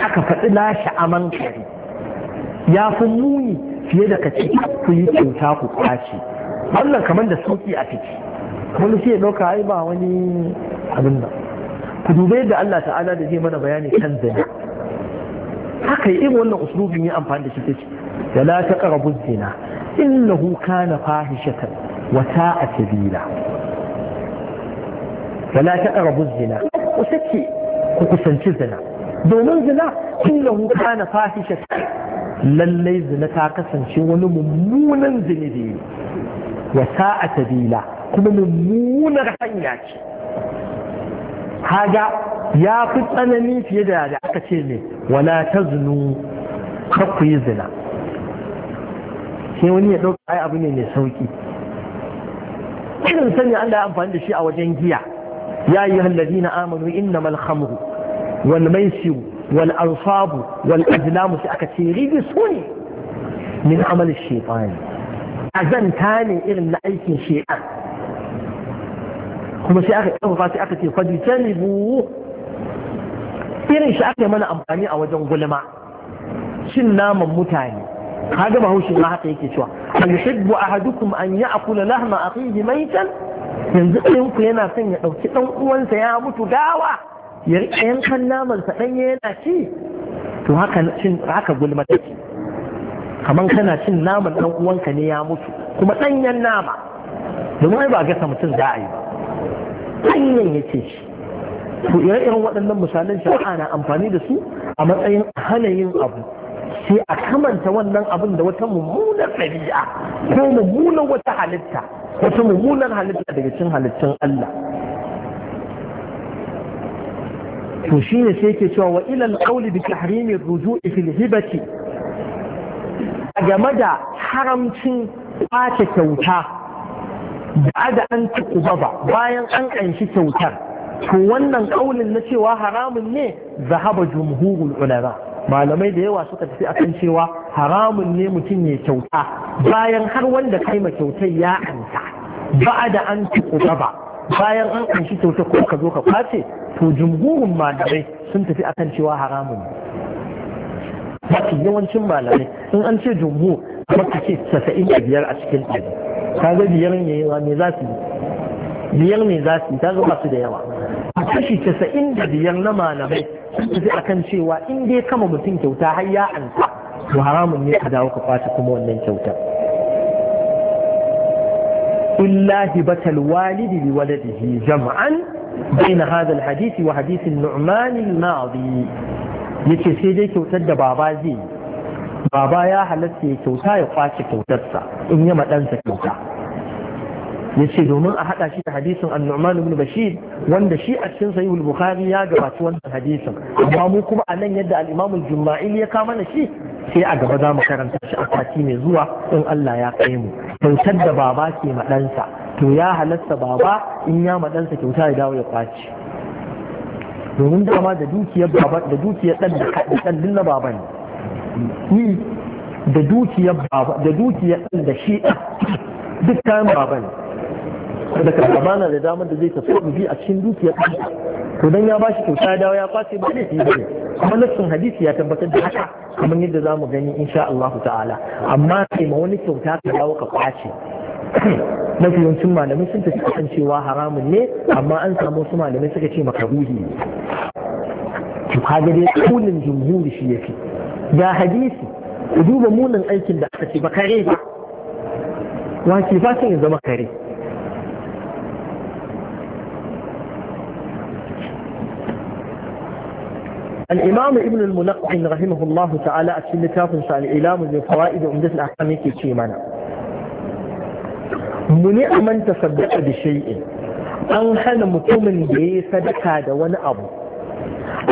aka faɗi lashe aman kare ya fi muni fiye da kace ku yi kyauta ku kwace wannan kamar da sauki a ciki wani sai ɗauka ai ba wani abin nan ku duba yadda Allah ta'ala da zai mana bayani kan zina haka yi irin wannan uslubin yi amfani da shi ta ce da la ta ƙarabu zina innahu kana fahishatan wa sa'a sabila da la ta ƙarabu zina ku sake ku kusanci zina domin zina kullahu kana fahisha lallai zina ta kasance wani mummunan zunubi wa sa'a tabila kuma mummunar hanya ce haga ya fi tsanani fiye da da aka ce ne wala ta zunu ka ku yi zina sai wani ya ɗauka ai abu ne mai sauƙi. irin sani Allah ya amfani da shi a wajen giya يا أيها الذين آمنوا إنما الخمر والميسر والأنصاب والأزلام سأكتي رجسوني من عمل الشيطان أزن تاني إغن أيك شيئا kuma sai aka ƙarfafa sai aka ce fajitanibu irin shi aka yi mana amfani a wajen gulma cin naman mutane kaga bahaushe ma haka yake cewa an yuhibbu ahadukum an ya'kula lahma akhihi can? yanzu ɗinku yana son ya ɗauki ɗan uwansa ya mutu dawa ya riƙa yankan namansa ɗan yana ci to haka cin haka gulma take kamar kana cin naman ɗan uwanka ne ya mutu kuma ɗanyen nama domin ai ba gasa mutum za a yi ba ɗanyen ya ce shi to ire-iren waɗannan misalan shari'a na amfani da su a matsayin hana yin abu sai a kamanta wannan abin da wata mummunar ɗabi'a ko mummunar wata halitta wata mummunar halitta daga cin halittun Allah to shi ne sai ke cewa wa ilal qawli bi tahrimi ruju'i fil hibati game da haramcin kwace kyauta da da an ci ba bayan an ƙanshi kyautar to wannan kaulin na cewa haramun ne zahaba jumhurul ulama malamai da yawa suka tafi akan cewa haramun ne mutum ya kyauta bayan har wanda kai ma kyautai ya anta ba da an tuƙuba ba bayan an anshi kyauta ko ka zo ka kwace to jumhurin malamai sun tafi akan cewa haramun ne. mafi yawancin malamai in an ce jumhur maka ce casa'in da biyar a cikin ɗari ga biyar ne me za su yi biyar ne za su yi Ta ga su da yawa a kashi casa'in da biyar na malamai sai akan cewa in dai kama mutum kyauta har ya ansa to haramun ne ka dawo ka kwace kuma wannan kyautar illa batal walidi bi waladihi jam'an bain hadha alhadith wa hadith an-nu'man al-madi yace sai dai kyautar da baba zai baba ya halatta ya kyauta ya kwace kyautarsa in yi ma ɗansa kyauta ya ce domin a haɗa shi da hadisin annu'man ibn bashir wanda shi a cikin sahihul bukhari ya gabaci wannan hadisin amma mu kuma a nan yadda al-imam ya kama na shi sai a gaba za mu karanta shi a sati mai zuwa in Allah ya kai mu kyautar da baba ke ma ɗansa to ya halarta baba in ya ma ɗansa kyauta ya dawo ya kwaci domin dama da dukiyar baba da dukiyar ɗan da ɗan din na baban da dukiyar baba da dukiyar ɗan da shi duk kayan baban da ka amana da damar da zai tafi bi a cikin dukiyar kansa to dan ya bashi kyauta ya dawo ya kwace ba ne ba ne kuma nassin hadisi ya tabbatar da haka kamar yadda za mu gani insha Allah ta'ala amma sai ma wani kyauta ka dawo ka kwace mafi yawancin malamai sun tafi kan cewa haramun ne amma an samu wasu malamai suka ce makaruhi ne to kaga dai kulin jumhuri shi yake ga hadisi ku duba munin aikin da aka ce ba kare ba wa ke fatan ya zama kare الإمام ابن الملقن رحمه الله تعالى أتشل تافنسا الإلام بفوائد عمدة الأحكام يكي تيمانا منع من تصدق بشيء أن da متوم بيصدق هذا وانا أبو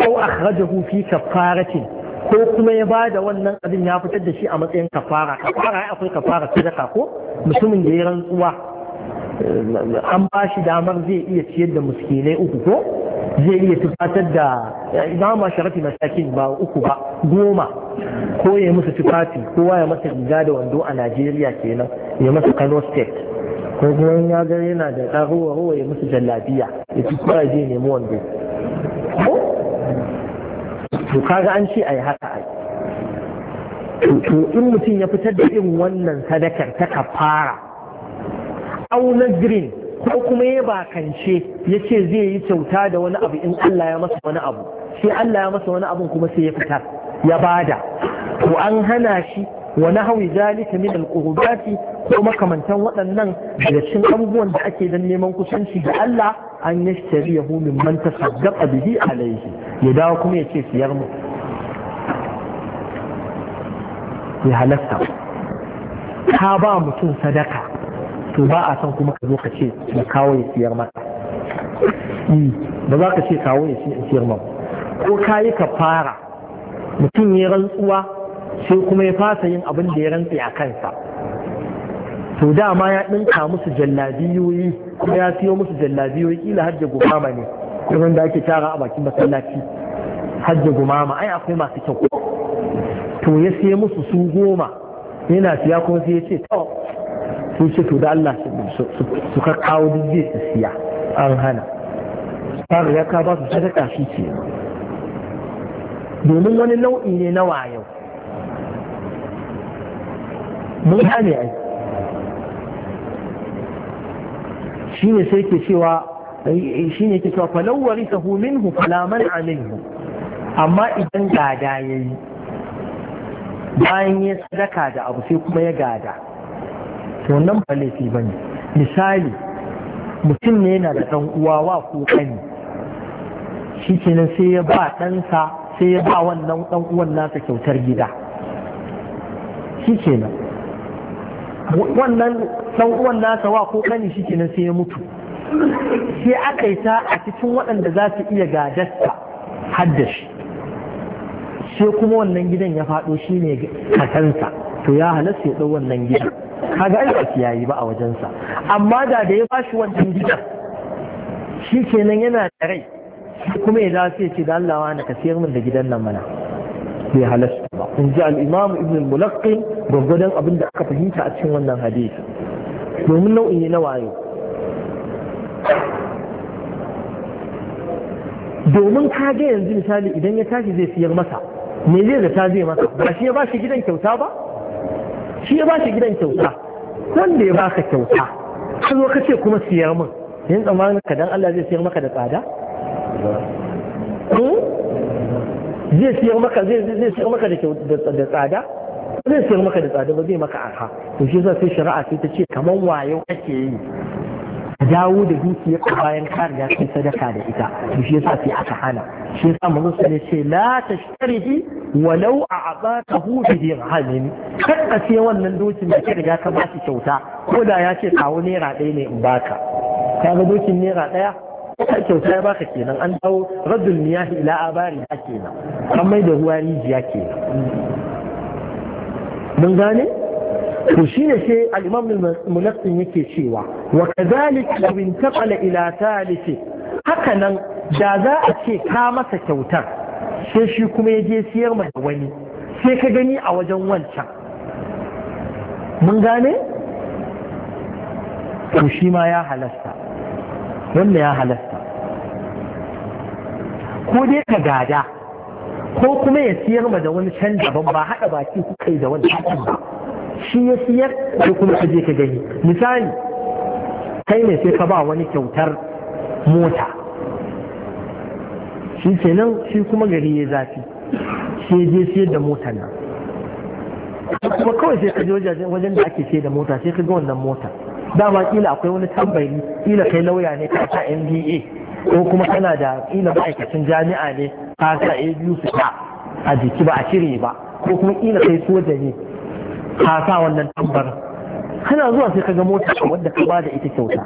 أو أخرجه في كفارة ko kuma ya bada wannan abin ya fitar da shi a matsayin kafara kafara akwai kafara sadaka ko mutumin da ya rantsuwa an ba shi damar zai iya ciyar da muskinai uku ko zai iya tufatar da ba ma sharafi masakin ba uku ba goma ko ya musu tufafi kowa ya masa riga da wando a najeriya kenan ya masa kano state ko kuma ya ga yana da ɗaruwa ruwa ya musu jallabiya ya ci kura zai nemi wando to kaga an ce a yi haka ai to in mutum ya fitar da irin wannan sadakar ta kafara au green ko kuma ya bakance ya ce zai yi kyauta da wani abu in Allah ya masa wani abu sai Allah ya masa wani abun kuma sai ya fitar ya bada to an hana shi wa nahwi zalika min al ko makamantan waɗannan daga abubuwan da ake dan neman kusanci ga Allah an yashtari yahu min man tasaddaqa bihi alayhi ya dawo kuma ya ce siyar mu ya halatta ka ba mutum sadaka to ba a san kuma ka zo ka ce na kawo ya siyar maka ba za ka ce kawo ya siyar maka ko ka yi ka fara mutum ya rantsuwa sai kuma ya fasa yin abin da ya rantsi a kansa to dama ya ɗinka musu jallabiyoyi kuma ya siyo musu jallabiyoyi ila hajji gumama ne irin da ake tara a bakin masallaci hajji gumama ai akwai masu kyau to ya siya musu su goma yana siya kuma sai ya ce to sun ce to da Allah su ka kawo duk zai siya an hana ta riga ka ba su sadaka shi ce domin wani nau'i ne na wayo mun gane ai shi ne sai ke cewa shi ne ke cewa falawari sahu minhu falaman aminhu amma idan gada ya yi bayan ya sadaka da abu sai kuma ya gada to nan ba laifi ba ne misali mutum ne yana da ɗan uwa wa ko ne, shi kenan sai ya ba ɗansa sai ya ba wannan ɗan uwan nasa kyautar gida shi kenan wannan ɗan uwan nasa wa ko ne shi kenan sai ya mutu sai aka yi ta a cikin waɗanda za su iya gadarsa haddashi sai kuma wannan gidan ya faɗo shi ne kasansa to ya halasta ya ɗau wannan gidan kaga ai ya yi ba a wajensa amma da da ya bashi wancan gida shi kenan yana da rai kuma ya za sai ce da Allah wani ka siyar min da gidan nan mana bai halasta ba in ji al-imam ibn al gwagwadon abin da aka fahimta a cikin wannan hadisi domin nau'in ne na wayo domin ka ga yanzu misali idan ya tashi zai siyar masa me zai zata zai masa ba shi ya ba shi gidan kyauta ba shi ya ba shi gidan kyauta wanda ya baka kyauta ka zo ka ce kuma siyar min yin tsammanin ka dan Allah zai siyar maka da tsada hmm? zai siyar maka zai siyar maka da da tsada zai siyar maka da tsada ba zai maka arha to shi yasa sai shari'a sai ta ce kaman wayo kake yi dawo da dukiyar ka bayan ka riga kai sadaka da ita to shi yasa sai aka hana shi yasa manzo sai ce la tashtarihi walau a'atahu bi dirhamin ka sai wannan dokin da ka riga ka ba shi kyauta ko da ya ce kawo naira ɗaya ne in baka kaga dokin naira ɗaya ka kyauta ya baka kenan an dawo raddul miyahi ila abari da kenan an mai da ruwa rijiya kenan mun gane to shine sai al-imam al-munassim yake cewa وكذلك لو ta الى Haka nan da za a ce ka masa kyautar sai shi kuma ya je siyar da wani sai ka gani a wajen wancan mun gane? to shi ma ya halasta wannan ya halasta ko dai ka gada ko kuma ya siyar da wani can daban ba haɗa baki kuka yi da wani haɗin ba shi ya siyar ko kuma ka je ka gani misali kai ne sai ka ba wani kyautar mota shi kenan shi kuma gari ya zafi sai je sai da mota nan kuma kawai sai ka je wajen da ake sai da mota sai ka ga wannan mota dama kila akwai wani tambayi kila kai lauya ne ka sa MBA ko kuma kana da kila ma'aikacin jami'a ne ka sa biyu su ta a jiki ba a shirye ba ko kuma kila kai soja ne ka sa wannan tambarin kana zuwa sai ka ga mota wadda ka bada ita kyauta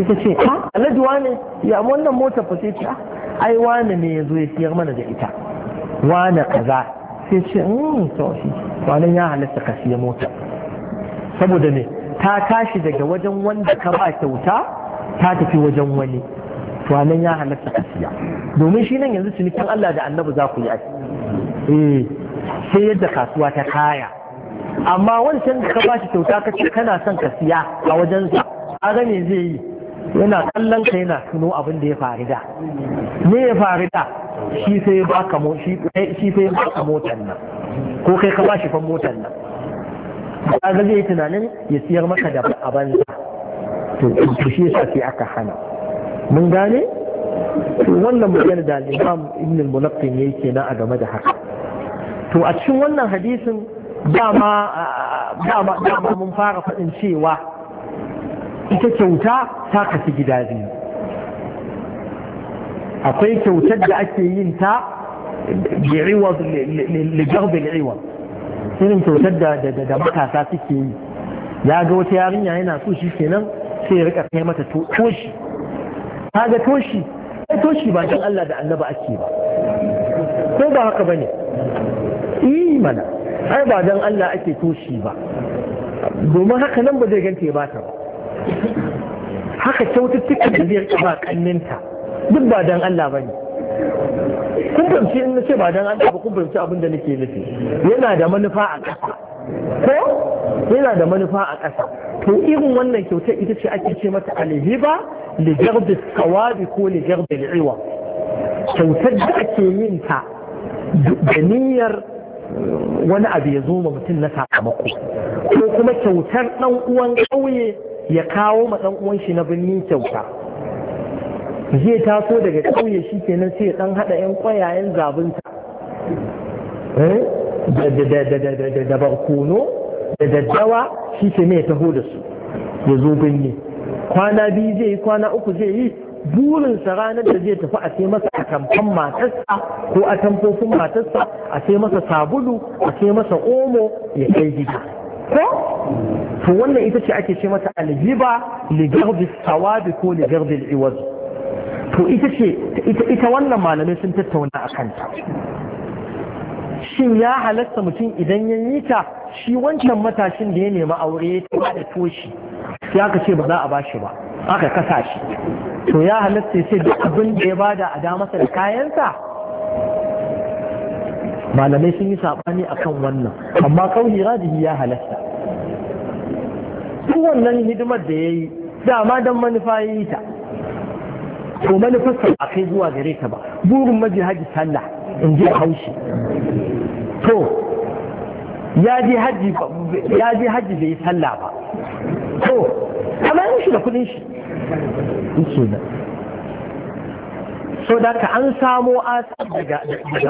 ita ce ha alhaji wane ya wannan mota fa sai ce ah, ai wane ne ya zo ya siyar mana da ita wane kaza sai ce mm to shi ya halatta ka siya mota saboda ne ta tashi daga wajen wanda ka ba kyauta ta tafi wajen wani to ya halatta ka siya domin shi nan yanzu cinikin Allah da Annabi za ku yi ai eh, sai yadda kasuwa ta kaya amma wancan da ka ba shi kyauta ka ce kana son ka siya a wajensa A gane zai yi yana kallon ka yana tuno abin da ya faru da me ya faru da shi sai baka mo shi shi sai motar nan ko kai ka ba shi fa motar nan kaga zai tunanin ya siyar maka da abin banza to to shi yasa sai aka hana mun gane to wannan magana da Imam Ibn al-Mulaqqin yake na a game da haka to a cikin wannan hadisin dama mun fara faɗin cewa ita kyauta ta kafi gida biyu akwai kyautar da ake yin ta ligarbin iwa irin kyautar da matasa suke yi ya ga wata yarinya yana so shi kenan sai rika kai mata toshi ta ga toshi sai toshi ba don Allah da annaba ake ba ko ba haka bane mana ai ba don Allah ake toshi ba domin haka nan ba zai gante ba ta haka kyaututtukan da zai ba kanninta duk ba don Allah ba ne kun fahimci in nace ba don Allah ba kun fahimci abin da nake nufi yana da manufa a ƙasa ko yana da manufa a ƙasa to irin wannan kyauta ita ce ake ce mata alhiba li jarbi sawabi ko li jarbi al'iwa kyautar da ake yin ta da niyyar wani abu ya zo ma mutum na sakamako ko kuma kyautar ɗan uwan ƙauye ya kawo ma ɗan uwan shi na birni kyauta zai taso daga ƙauye shi kenan sai ya ɗan haɗa 'yan ƙwayayen zabinta eh? da barkono da daddawa shi ke ne ya taho da su ya zo birni kwana biyu zai yi kwana uku zai yi burinsa ranar da zai tafi a sai masa atamfan matarsa ko atamfofin matarsa a sai masa sabulu a sai masa omo ya kai gida ko to wannan ita ce ake ce mata Aljiba, ligarbi sawabi ko ligarbi iwaz to ita ce ita wannan malamai sun tattauna a kanta shin ya halatta mutum idan ya yi ta shi wancan matashin da ya nemi aure ya taɓa da toshi ya ka ce ba za a bashi ba aka kasa shi to ya halatta sai duk abin da ya bada a damasa da kayansa malamai sun yi saɓani a kan wannan amma kauli radihi ya halatta duk wannan hidimar da ya yi dama don manufa ya yi ta to manufarsa ba kai zuwa gare ta ba burin maji haji sallah in ji haushi to ya je haji bai yi sallah ba to amma yin shi da kudin shi yake nan so da ka an samo asar daga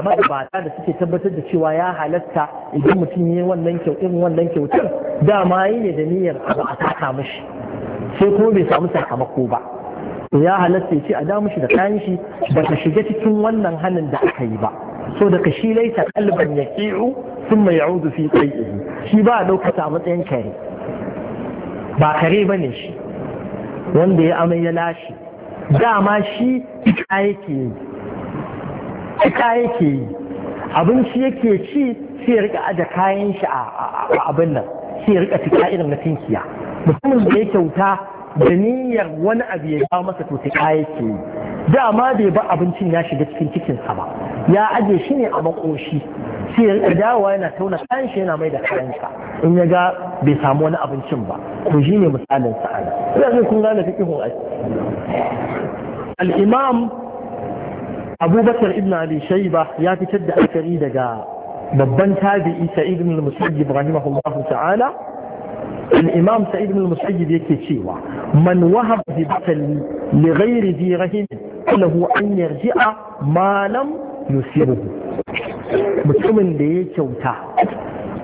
magabata da suke tabbatar da cewa ya halatta idan mutum yi wannan kyautar wannan kyautar dama yi ne da niyyar abu a saka sai kuma bai samu sakamako ba ya halatta ya ce a da shi da kayan shi ba ka shiga cikin wannan hannun da aka yi ba so da ka shi laita kalban ya ki'u sun mai ya'udu fi tsaye shi ba a ɗaukata a matsayin kare ba kare ba ne shi wanda ya amai ya lashe dama shi ita yake yi abin shi yake ci sai ya rika aje kayan shi a abin nan sai ya rika cika irin na tinkiya mutumin da ya kyauta da niyyar wani abu ya ba masa to ta yake yi dama bai ba abincin ya shiga cikin cikinsa ba ya aje shi ne a makoshi shi ya dawowa yana tauna kayan shi yana mai da kayan sa in ya ga bai samu wani abincin ba shi ne misalin sa'ada ana zai kun gane fiqhun hun aiki Al'imam abubakar ibn abi ya fitar da akari daga babban tabi'i sa'id ibn al ibrahim rahimahullahu ta'ala الإمام سعيد بن المسيب cewa man وهب هبة لغير ذي رهن له an يرجع ما لم يسيبه mutumin da ya kyauta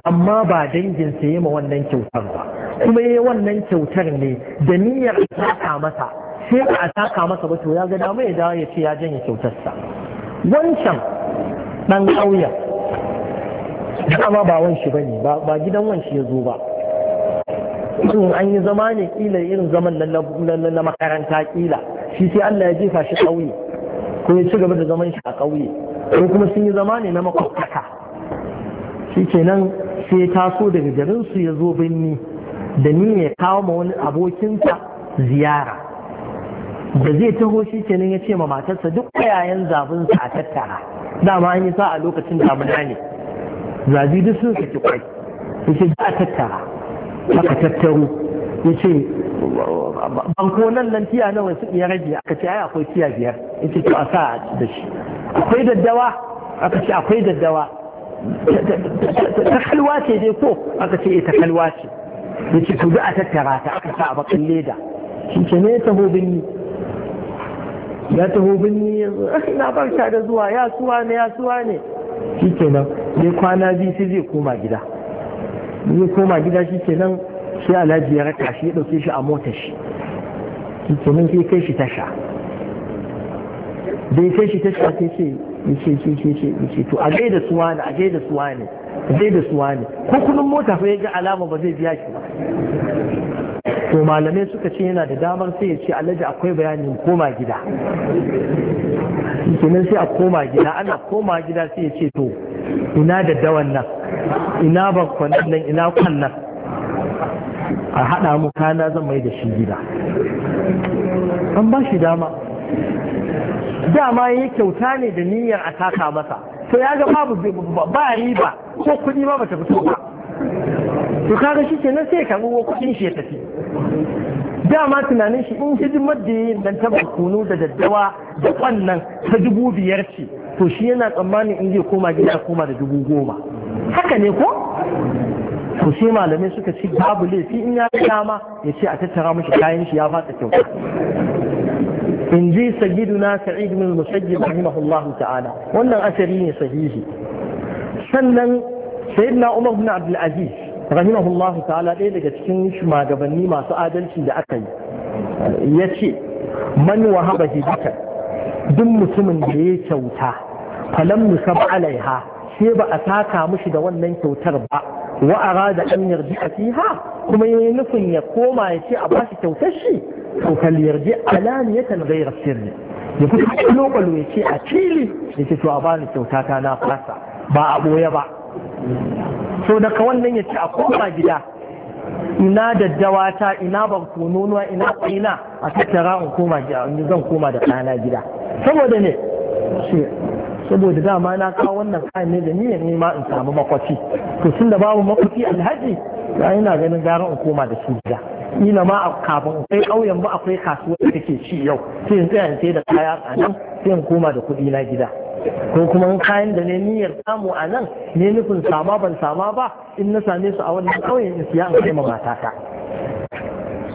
amma ba danginsa ya ma wannan kyautar ba kuma ya wannan kyautar ne da niyyar a saka masa sai a saka masa ba to ya ga dama ya dawo ya ce ya janye kyautarsa wancan dan ƙauyen dama ba wanshi ba ne ba gidan wanshi ya zo ba in an yi zama ne kila irin zaman na makaranta kila shi sai Allah ya jefa shi ƙauye ko ya ci gaba da zaman shi a ƙauye ko kuma sun yi zama ne na makwabtaka shi kenan sai ya taso daga garinsu ya zo birni da ni ya kawo ma wani abokinsa ziyara da zai taho shi kenan ya ce ma matarsa duk kwayayen zabinsa a tattara dama an yi sa a lokacin damuna ne zabi duk sun saki kwai ya ce za a tattara aka tattaro ya ce bankonan nan tiya nawa su iya rage aka ce ai akwai tiya biyar ya ce to a sa da shi akwai daddawa aka ce akwai daddawa ta kalwa ce dai ko aka ce ita eh, kalwa ce ya ce to a tattara ta aka sa a bakin leda shi ce ne taho binni ya taho binni yanzu na barka da zuwa ya suwa ne ya suwa ne shi ke nan ne kwana biyu sai zai koma gida zai koma gida shi ke nan sai alhaji ya raka shi ya ɗauke shi a motar shi shi ke nan sai kai shi tasha da ya ta shi ta shafe ce ce ce ce ce ce to a gaida suwa ne a gaida suwa ne a gaida suwa ne ko kudin mota fa ya ga alama ba zai biya shi ba to malamai suka ce yana da damar sai ya ce alhaji akwai bayanin koma gida kenan sai a koma gida ana koma gida sai ya ce to ina da dawan nan ina kwanan nan ina kwan nan a haɗa mu kana zan mai da shi gida an ba shi dama dama ya kyauta ne da niyyar a taka masa to ya ga babu ba riba ko kuɗi ma bata fito ba to kaga shi kenan sai ka ruwa kuɗin shi ya tafi dama tunanin shi in hidimar da yi dan ta kunu da daddawa da kwannan ta dubu biyar ce to shi yana tsammanin in zai koma gida koma da dubu goma haka ne ko to sai malamai suka ci babu laifi in ya dama ya ce a tattara mashi kayan shi ya fata kyauta in ji sayyiduna sa'id bin musayyib rahimahullahu ta'ala wannan asari ne sahihi sannan sayyidina umar bin abdul aziz rahimahullahu ta'ala ɗaya daga cikin shugabanni masu adalci da aka yi ya ce man wahaba hibata duk mutumin da ya kyauta falam musab alaiha sai ba a taka mushi da wannan kyautar ba wa arada an yarda fiha kuma yayin nufin ya koma ya ce a bashi kyautar shi to yarje alaniyatan ghayra sirri ya fi kalobalo ya ce a cili ya ce to a bani kyauta ta na fasa ba a boye ba so daga wannan ya ce a koma gida ina daddawa ta ina barkononuwa ina tsina a tattara in koma gida in zan koma da ɗana gida saboda ne saboda dama na kawo wannan kayan ne da niyan nema in samu makwaci to tun da babu makwaci alhaji ya ina ganin gara in koma da shi gida kila ma kafin kai ƙauyen ba akwai kasuwa da take ci yau sai in tsaya sai da kaya a nan sai in koma da kuɗi na gida ko kuma in kayan da ne niyyar samu a nan ne nufin sama ban sama ba in na same su a wannan ƙauyen in siya in kai ma matata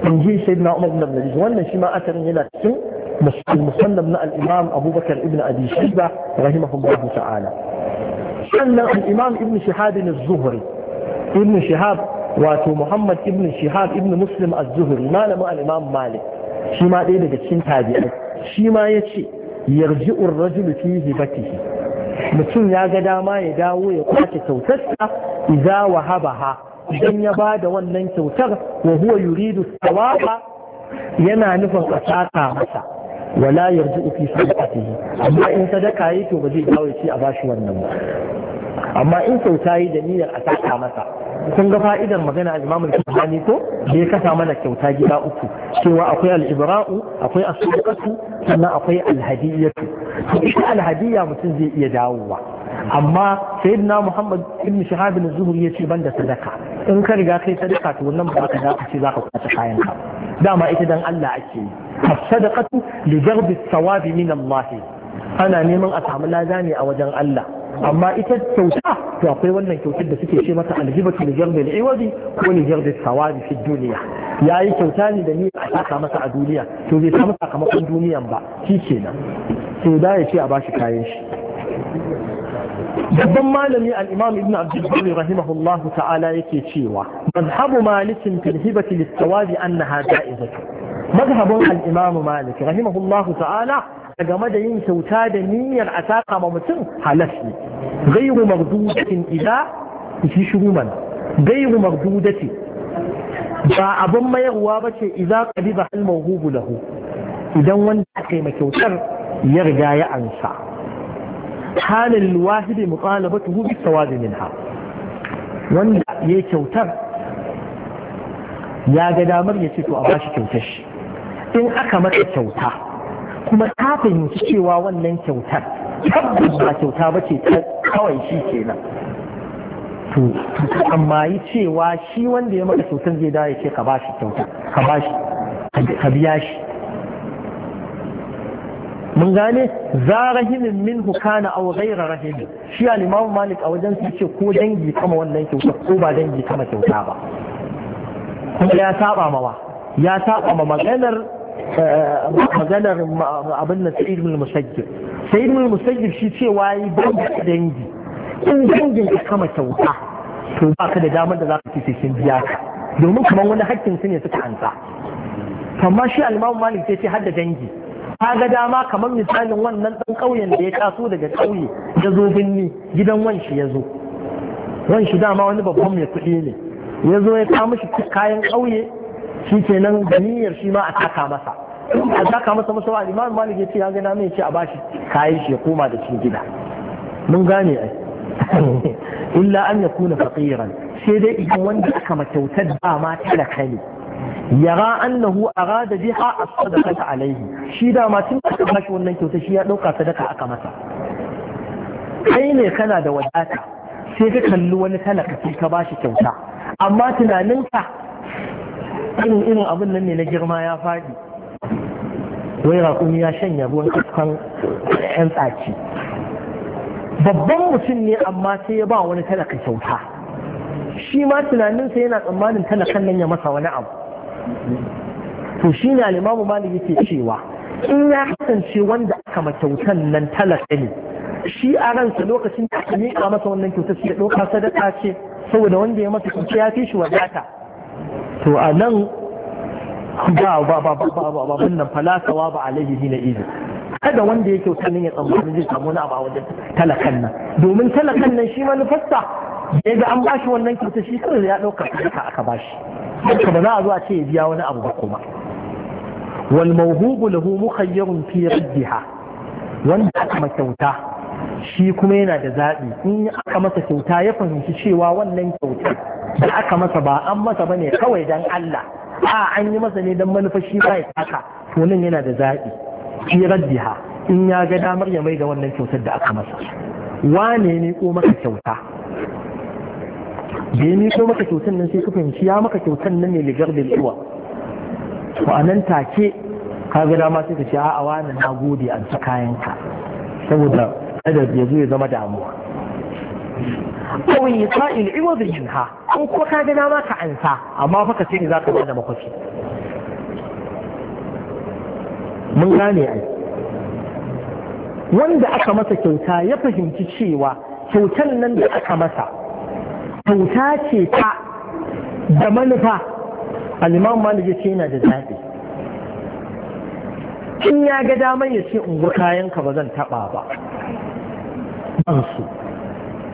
in ji sai na umar ibn nabi wannan shi ma asarin yana cikin musallam na al-imam abubakar ibn abi shaiba rahimahullahu ta'ala sannan al-imam ibn shihab zuhri ibn shihab wato muhammad ibn shihab ibn muslim az-zuhri malamin al-imam malik shi ma ɗaya daga cikin tabi'ai shi ma ya ce yarji'ur rajulu fi hibatihi mutum ya ga dama ya dawo ya kwace kyautarsa idza wahabaha idan ya ba da wannan kyautar wa huwa yuridu thawaba yana nufin a masa wala yarji'u fi sadaqatihi amma in sadaka yake to ba zai dawo ya ce a bashi wannan ba amma in kyauta yi da niyyar a saka masa kun ga fa'idar magana a imam al ko da ya kasa mana kyauta gida uku cewa akwai al-ibra'u akwai as-sadaqatu sannan akwai al-hadiyatu ita al-hadiyya mutum zai iya dawowa amma sayyidina Muhammad ibn Shihab ya Zuhri yace banda sadaka in ka riga kai sadaka to wannan ba ka dace ce zaka kwata kayan ka dama ita dan Allah ake yi as-sadaqatu li ghadbi as-sawabi min Allah ana neman a samu lada ne a wajen Allah amma ita kyauta to akwai wannan kyautar da suke ce mata aljibatu da jarda da iwazi ko ne jarda sawabi fi duniya yayi kyauta ne da ni a saka masa a duniya to bai samu sakamakon duniyan ba shi kenan sai da ya ce a bashi kayan shi babban malami al-imam ibn abdul bari rahimahullah ta'ala yake cewa mazhabu malikin fil hibati lis-sawabi annaha da'izatu al-imam malik rahimahullah ta'ala game da yin kyauta da niyyar a saka ma mutum halas ne gairu mardudatin ila shi shiru gairu mardudati ba abin mayarwa ba ce idan qadiba al mawhubu lahu idan wanda aka yi kyautar ya riga ya ansa halin wahidi muqalabatuhu bi sawabi minha wanda ya kyautar ya ga damar ya ce to a bashi kyautar shi in aka mata kyauta kuma ta fahimci cewa wannan kyautar tabbas ba kyauta ba ce kawai shi kenan to amma yi cewa shi wanda ya maka kyautar zai dawo ya ce ka bashi kyauta ka bashi ka biya shi mun gane za rahimin min hukana au ghaira rahimi shi al-imam malik a wajen suke ce ko dangi kama wannan kyauta ko ba dangi kama kyauta ba kuma ya saba mawa ya saba ma maganar maganar abin da sa'id mil musajjib sa'id mil musajjib shi cewa yi ban da dangi in dangin ka kama kyauta to ba ka da damar da za ka ce shi biya ka domin kamar wani hakkin su ne suka hanta amma shi alimamu malik sai ce hadda dangi ka ga dama kamar misalin wannan dan ƙauyen da ya taso daga ƙauye ya zo binni gidan wanshi ya zo wanshi dama wani babban mai kuɗi ne ya zo ya kawo mishi kayan ƙauye shi kenan da niyyar shi ma a taka masa a taka masa masa wa imam malik yace ya gana mai ce a bashi kayan shi ya koma da shi gida mun gane ai illa an yakuna faqiran sai dai idan wanda aka makyautar ba ma talaka ne yara annahu arada biha as-sadaqata alayhi shi da ma tun aka bashi wannan kyauta shi ya dauka sadaka aka masa kai ne kana da wadata sai ka kalli wani talaka sai ka bashi kyauta amma tunaninka irin irin abin nan ne na girma ya faɗi wai raƙumi ya shanya ruwan iskan yan tsaki babban mutum ne amma sai ya ba wani talaka kyauta shi ma tunaninsa yana tsammanin talakan nan ya masa wani abu to shi ne alimamu malik yake cewa in ya kasance wanda aka ma kyautan nan talaka ne shi a ransa lokacin da aka miƙa masa wannan kyauta sai ya ɗauka sadaka ce saboda wanda ya masa kyauta ya fi shi wadata to a nan ba ba nan ba ba ba ba nan falakawa ba alaihi hina izi kada wanda ya yake sanin ya tsammanin zai samu wani abu a wajen talakan nan domin talakan nan shi manufarsa da ga an bashi wannan kyauta shi kawai ya ɗauka sadaka aka bashi haka ba za a zo a ce ya biya wani abu ba kuma wal mawhubu lahu mukhayyarun fi raddiha wanda aka kyauta. shi kuma yana da zaɓi in aka masa kyauta ya fahimci cewa wannan kyauta da aka masa ba an masa ba ne kawai don Allah a an yi masa ne don manufashi ba ya taka to nan yana da zaɓi shi raddiha in ya ga damar ya mai da wannan kyautar da aka masa wane ne ko maka kyauta da ya ko maka kyautar nan sai ka fahimci ya maka kyautar nan ne ligar da zuwa to a nan take ka ga dama sai ka ce a'a wani na gode an ta kayanka saboda kada ya zo ya zama damuwa kawai ya sa il'iwa da yin an ko ka gana ma ka ansa amma fa ka ce za ka bada makwafi mun gane ai wanda aka masa kyauta ya fahimci cewa kyautan nan da aka masa kyauta ce ta da manufa al'imam ma ya ce yana da zaɓi in ya ga damar ya ce ungu ka ba zan taɓa ba kansu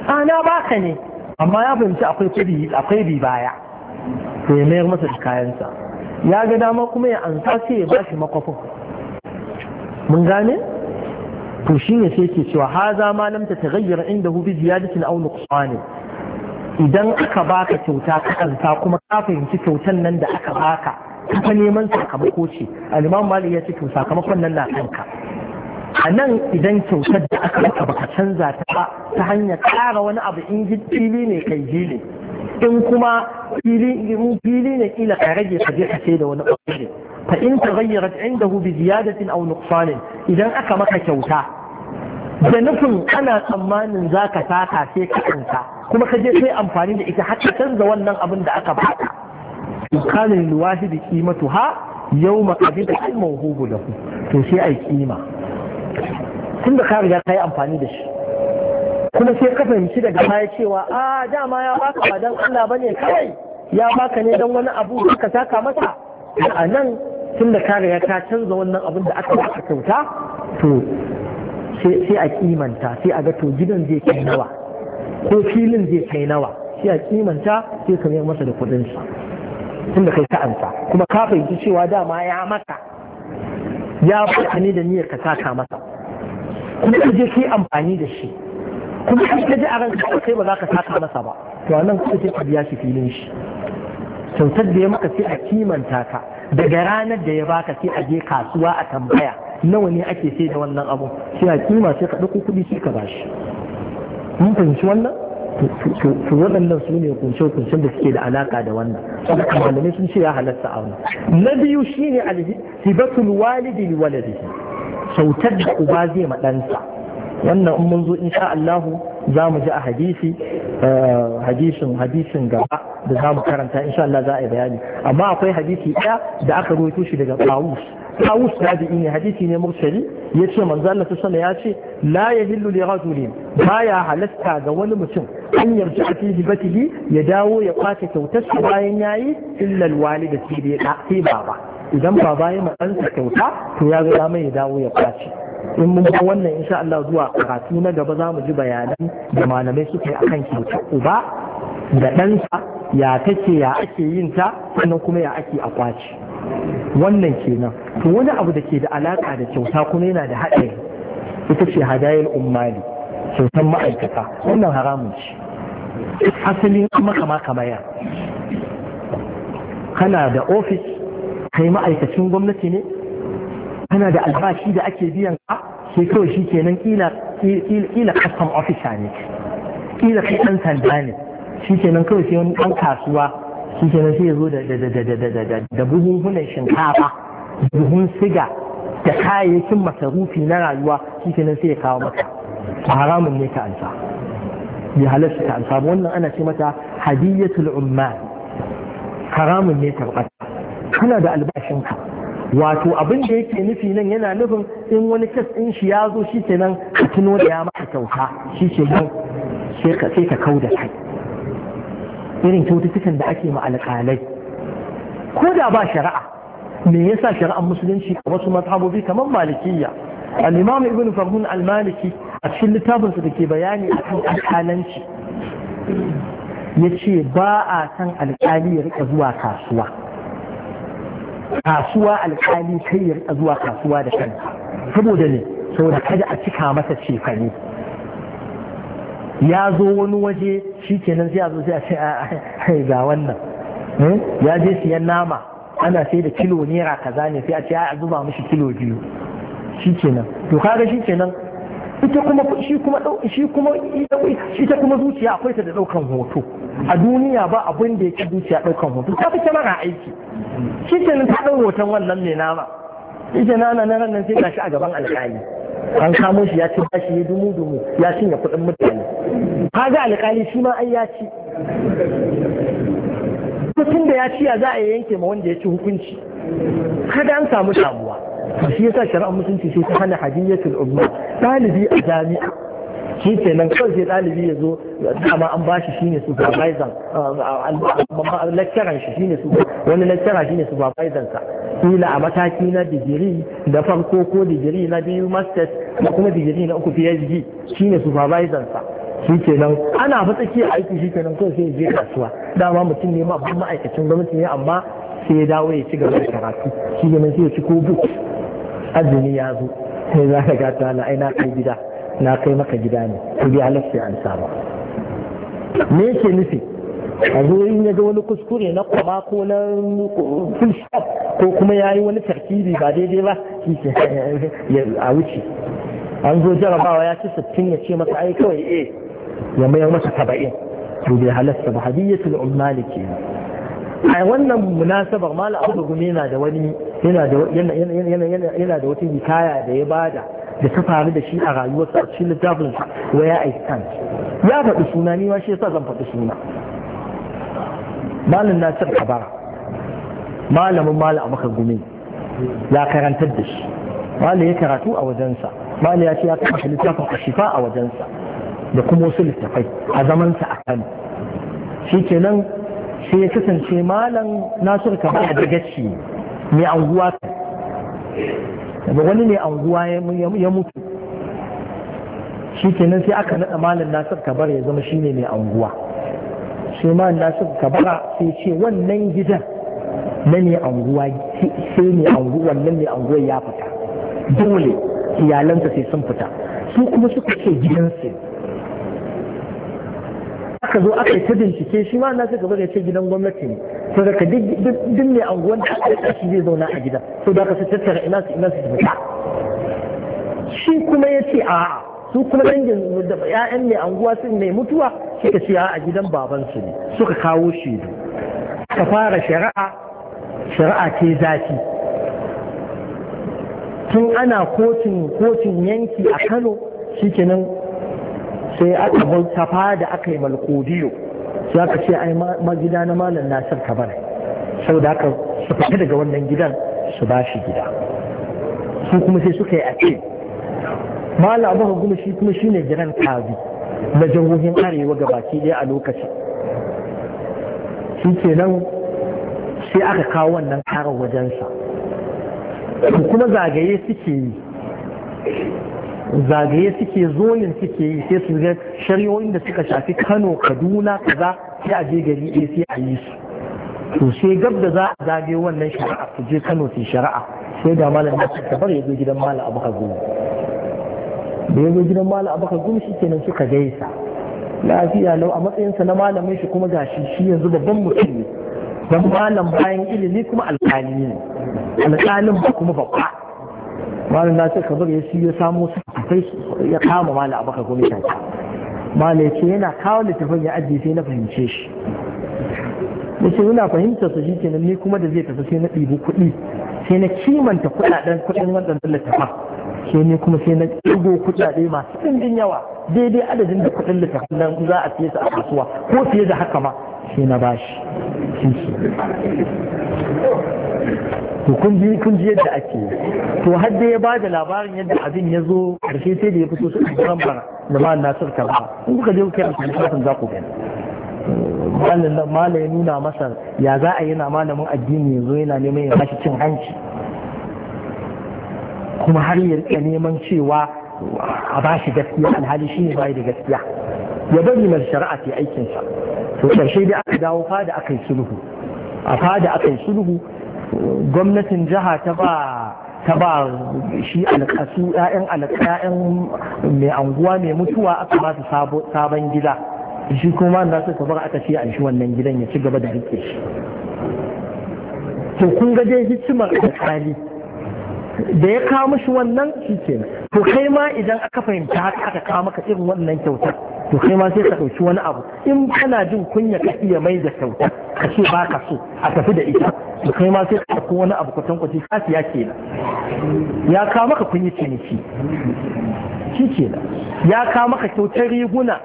a ah, na baka ne amma ya fahimci akwai kudi baya to ya mayar masa da kayansa ya ga dama kuma ya ansa sai ya bashi makwafin mun gane to ne sai ke cewa za ma nan ta tagayyar inda hu bi ziyadatin aw nuqsan idan aka baka kyauta ka kanta kuma ka fahimci kyautan nan da aka baka ka neman sakamako ce al-imam ya ce to sakamakon nan na kanka a nan idan kyautar da aka maka baka canza ta ba ta hanyar ƙara wani abu in ji fili ne kai jili in kuma fili ne kila ka rage ka je ka sai da wani ɓangare fa in ta gayyara indahu bi ziyadatin aw nuqsanin idan aka maka kyauta da nufin ana tsammanin za ka saka sai ka kanta kuma ka je sai amfani da ita har ka canza wannan abin da aka baka kanin da kimatu ha yau maƙabi da ilmauhubu da ku to sai ai kima tun da ka riga ka yi amfani da shi kuma sai ka fahimci daga baya cewa a dama ya baka ba don Allah bane kawai ya baka ne don wani abu da ka saka masa a nan tun da ka riga ka canza wannan abun da aka baka kyauta to sai a kimanta sai a ga to gidan zai kai nawa ko filin zai kai nawa sai a kimanta sai ka masa da kuɗinsa tun kai ka amsa kuma ka fahimci cewa dama ya maka ya baka ne da niyyar ka taka masa kuma ka je kai amfani da shi kuma ka je a ranka kai ba za ka saka masa ba to nan kuma sai ka biya shi filin shi kyautar da ya maka sai a kimanta ka daga ranar da ya baka sai a je kasuwa a tambaya nawa ne ake sai da wannan abu sai a kima sai ka ɗauko kuɗi sai ka bashi mun fahimci wannan su waɗannan su ne kunshe-kunshen da suke da alaƙa da wannan saboda malamai sun ce ya halatta a wani na biyu shine alhibatul walidi li waladihi sautar da uba zai maɗansa. wannan in mun zo sha Allah za mu ji a hadisi eh, hadisin hadisin gaba da za mu karanta sha Allah za a yi bayani amma akwai hadisi ɗaya da aka rawaito shi daga Qawus tawus tabi'i ne hadisi ne mursali ya ce manzo Allah ta sama ya ce la yahillu li rajulin baya halatta ga wani mutum an yarji a fi hibatihi ya dawo ya kwace kyautar shi bayan yayi illa alwalida sai dai da sai baba idan baba ya matsansa kyauta to ya ga dama ya dawo ya kwace in mun ba wannan insha Allah zuwa karatu na gaba za mu ji bayanan da malamai suka yi akan kyauta uba da ɗansa ya take ya ake yin ta sannan kuma ya ake a kwace wannan kenan to wani abu da ke da alaka da kyauta kuma yana da haɗari ita ce hadayar ummali kyautan ma'aikata wannan haramun ce asali kuma kama ya kana da ofis kai ma'aikacin gwamnati ne kana da albashi da ake biyan ka sai kawai shi kenan kila custom officer ne kila kai ɗan sanda ne shi kenan kawai sai wani ɗan kasuwa shi ke sai ya zo da buhunhunan shinkafa buhun siga da kayayyakin masarufi na rayuwa shi ke sai ya kawo maka a haramun ne ka ansa ya halarci ka ansa wannan ana ce mata hadiyatul umman haramun ne ka bukata kana da albashinka wato abin da yake nufi nan yana nufin in wani kes ɗin shi ya zo shi kenan ka tuno da ya mata kyauta shi ke nan sai ka kau da kai irin kyaututtukan da ake ma alƙalai ko da ba shari'a me yasa shari'ar musulunci a wasu mazhabobi kamar malikiyya al-imam ibn farhun al-maliki a cikin littafinsa da ke bayani akan alƙalanci ya ce ba a san alƙali ya rika zuwa kasuwa kasuwa alƙali kai ya rika zuwa kasuwa da kanka, saboda ne saboda kada a cika masa cefane ya zo wani waje shi kenan sai a zo sai a ce a ga wannan eh? ya je siyan nama ana sai da kilo naira kaza ne sai a ce a zuba mishi kilo biyu shi kenan to kaga shi kenan ita kuma shi kuma shi kuma ita kuma zuciya akwai ta da daukan hoto a duniya ba abin da yake zuciya daukan hoto ta fi kyamara aiki shi kenan ta dau hoton wannan mai nama ita nana na nan sai gashi a gaban alƙali an kamo shi ya ci bashi ya dumu dumu ya cinye kuɗin mutane kaga alƙali shi ma ai ya ci mutum da ya ci ya za a yanke ma wanda ya ci hukunci kada an samu ba shi yasa shari'ar mutunci sai ta hana hadiyatul umma Dalibi a jami'a shi ke nan kawai sai dalibi ya zo dama an bashi shine supervisor lecturer shi shine wani lecturer shine supervisor sa kila a mataki na digiri da farko ko digiri na biyu masters da kuma digiri na uku phd ne supervisor sa shi nan ana fa a aiki shi kenan kawai sai je kasuwa dama mutum ne ma babban ma'aikacin gwamnati ne amma sai ya dawo ya ci gaba da karatu shi ne sai ya ci ko buk azumi ya zo sai za ka gata na ai na kai gida na kai maka gida ne to bi halatta an saba me yake nufi a in ya ga wani kuskure na kwama ko na fulshop ko kuma ya yi wani tarkibi ba daidai ba a wuce an zo jarabawa ya ci sittin ya ce masa ai kawai eh ya mayar masa saba'in to bai halasta ba hadiyatul ummali ke a wannan munasabar mala abu gumi yana da wani yana da wata hikaya da ya bada da ta faru da shi a rayuwarsa a cikin littafin waya ya faɗi suna ni ma shi yasa zan faɗi suna malin nasir kabara malamin malam maka gumi ya karantar da shi malam ya karatu a wajensa malam ya ce ya kama littafin a shifa a wajensa da kuma wasu littafai a zamansa a kano shi nan sai ya kasance malam nasir kabara da gaci mai anguwa daga wani ne anguwa ya mutu shi nan sai aka naɗa malam nasir kabar ya zama shi ne mai anguwa su ma na su kabara sai ce wannan gidan na ne anguwa sai ne anguwa wannan ne anguwa ya fita dole iyalansa sai sun fita su kuma suka ce su aka zo aka ta bincike shi ma na suka bari ce gidan gwamnati ne to daga duk mai anguwan da aka yi shi zai zauna a gida to da ka su tattara ina su ina su fita shi kuma ya ce a'a su kuma dangin da ƴaƴan mai anguwa sun mai mutuwa suka siya a gidan babansu ne suka kawo shaidu ka fara shari'a shari'a ce zafi tun ana kotun kotun yanki a Kano shikenan sai aka bauta da aka yi malkodiyo sai aka ce ai magida na malam Nasir Sau da aka su fita daga wannan gidan su ba shi gida su kuma sai suka yi a ce malam abu gumi shi kuma shine jiran kazi na jihohin arewa ga baki ɗaya a lokaci shi nan sai aka kawo wannan kara wajensa kuma zagaye suke yi zagaye suke zoyin suke yi sai su ga shari'o'in da suka shafi kano kaduna kaza sai a je gari ɗaya sai a yi su to sai gab da za a zagaye wannan shari'a su je kano su shari'a sai da malam na bar ya zo gidan malam abu hagu da ya zo gidan malam abubakar gumi shi kenan suka gaisa lafiya lau a matsayinsa na malamin shi kuma gashi shi yanzu babban mutum ne don malam bayan ilimi kuma alkali ne alƙalin ba kuma babba malam na ce ka zo ya shi ya samo sai ya kama malam abubakar gumi ta malam ce yana kawo littafin ya ajiye sai na fahimce shi yace ina fahimtar su shi kenan ni kuma da zai tafi sai na ɗibi kuɗi sai na kimanta kuɗaɗen kuɗin wannan littafin ke ne kuma sai na ɗigo kuɗaɗe masu ɗimbin yawa daidai adadin da kuɗin littafin nan za a fiye su a kasuwa ko fiye da haka ma sai na bashi to kun ji kun ji yadda ake to har da ya ba da labarin yadda abin ya zo karshe sai da ya fito su kan bara da ma Nasir Karba in kuka je kuka yi mutum za ku gani malam ya nuna masa ya za a yi na malamin addini yanzu yana neman ya bashi cin hanci kuma har ya neman cewa a ba shi gaskiya alhali shi ne da gaskiya ya bari mai shari'a ta aikinsa to karshe dai aka dawo fada aka yi sulhu a fada aka yi sulhu gwamnatin jiha ta ba ta ba shi alƙasu ƴaƴan alƙayan mai anguwa mai mutuwa aka ba su sabon gida shi kuma na su kamar aka ce an shi wannan gidan ya ci gaba da rike shi to kun ga dai hikimar alƙali da ya kawo mashi wannan shi ke to kai ma idan aka fahimta haka aka kawo maka irin wannan kyauta to kai ma sai ka ɗauki wani abu in kana jin kunya ka iya mai da kyauta ka ce ba ka so a tafi da ita to kai ma sai ka ɗauki wani abu kwatan kwaci kasi ya ke ya kawo maka kunya ne shi ke ya kawo maka kyautar riguna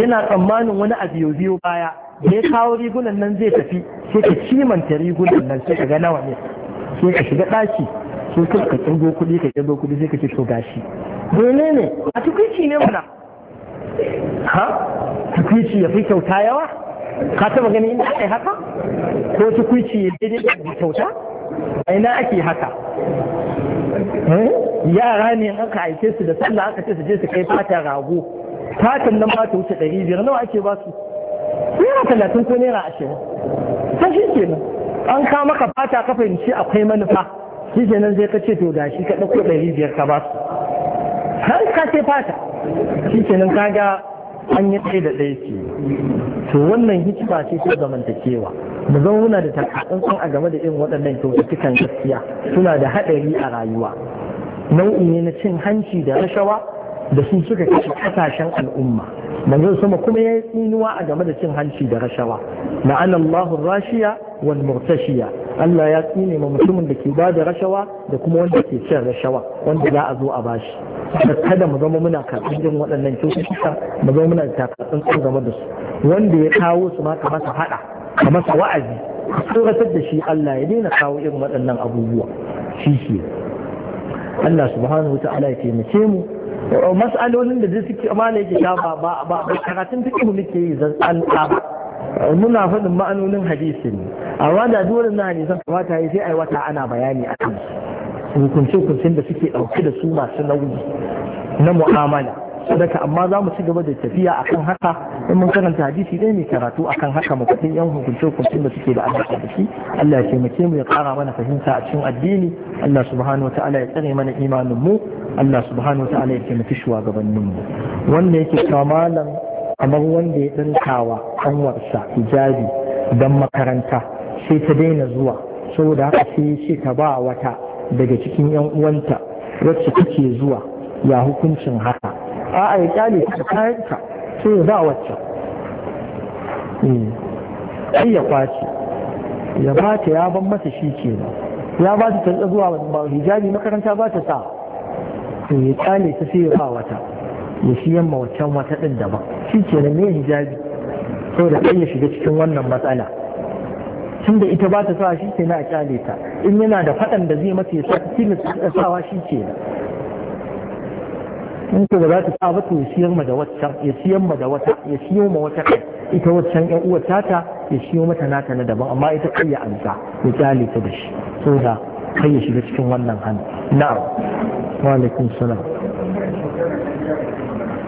yana tsammanin wani abu biyu baya da ya kawo rigunan nan zai tafi sai ka kimanta rigunan nan sai ka ga nawa ne sai ka shiga ɗaki sun kai ka kirgo kuɗi ka kirgo kuɗi sai ka ce to gashi dole ne a tukwici ne mana ha tukwici ya fi kyauta yawa ka taba gani inda aka yi haka ko tukwici ya daidai da kyauta a ina ake haka eh? yara ne aka aike su da sallah aka ce su je su kai fata rago fatan nan ba ta wuce ɗari biyar nawa ake ba su naira talatin ko naira ashirin ta shi nan. an kama maka fata ka fahimci akwai manufa shi kenan zai ka ce to shi ka ɗauko ɗari biyar ka ba su har ka ce fata shi kenan ka ga an yi ɗaya da ɗaya ce to wannan hikima ce ta zamantakewa mu zauna da takatsantsan a game da irin waɗannan kyaututtukan gaskiya suna da haɗari a rayuwa nau'i ne na cin hanci da rashawa da sun suka kashe kasashen al'umma manzon sama kuma ya yi tsinuwa a game da cin hanci da rashawa la'ana Allahu rashiya wal murtashiya Allah ya tsine ma mutumin da ke bada rashawa da kuma wanda ke cin rashawa wanda za a zo a bashi kada mu zama muna karɓar jin waɗannan cututtuka mu zama muna takatsun tsan game da su wanda ya kawo su ma ka masa faɗa ka masa wa'azi ka tsoratar da shi Allah ya daina kawo irin waɗannan abubuwa shi ke Allah subhanahu wa ta'ala ya taimake mu mas'alolin da zai suke ne ke ba ba ba karatun mu muke yi zan an muna faɗin ma'anonin hadisi ne amma da dole na hadisan kamata yi sai yi wata ana bayani a kan hukunce-hukuncen da suke ɗauke da su masu nauyi na mu'amala sadaka amma za mu ci gaba da tafiya akan haka in mun karanta hadisi ɗaya mai karatu akan haka mafafin yan hukunce-hukuncen da suke da alaƙa da shi Allah ya taimake mu ya ƙara mana fahimta a cikin addini Allah subhanahu wa ta'ala ya tsare mana imanin mu Allah subhanahu wa ta'ala ya taimaki shuwagabannin mu wannan yake kamalan kamar wanda ya ɗinkawa kanwarsa hijabi don makaranta sai ta daina zuwa saboda haka sai ce ta ba wata daga cikin yan uwanta wacce take zuwa ya hukuncin haka a a ya kyale ta kayanta sai ya ba wacce sai hmm. ya kwace ya ba ta ya ban mata shi ke ya ba ta zuwa hijabi makaranta ba ta sa ya kyale ta sai ya ba wata ya shi yamma wancan wata ɗin daban shi ke da mai hijabi da kai ya shiga cikin wannan matsala tun da ita ba ta sa shi ke na a kyale ta in yana da faɗan da zai mata ya sa tilasta sawa shi ke in ko ba za ta sa ba to ya siyar da waccan ya siyar da wata ya siyo ma wata kai ita waccan ƴan uwar tata ya siyo mata nata na daban amma ita kai ya amsa ya kyale ta da shi da kai ya shiga cikin wannan hannu na'am wa alaikum salam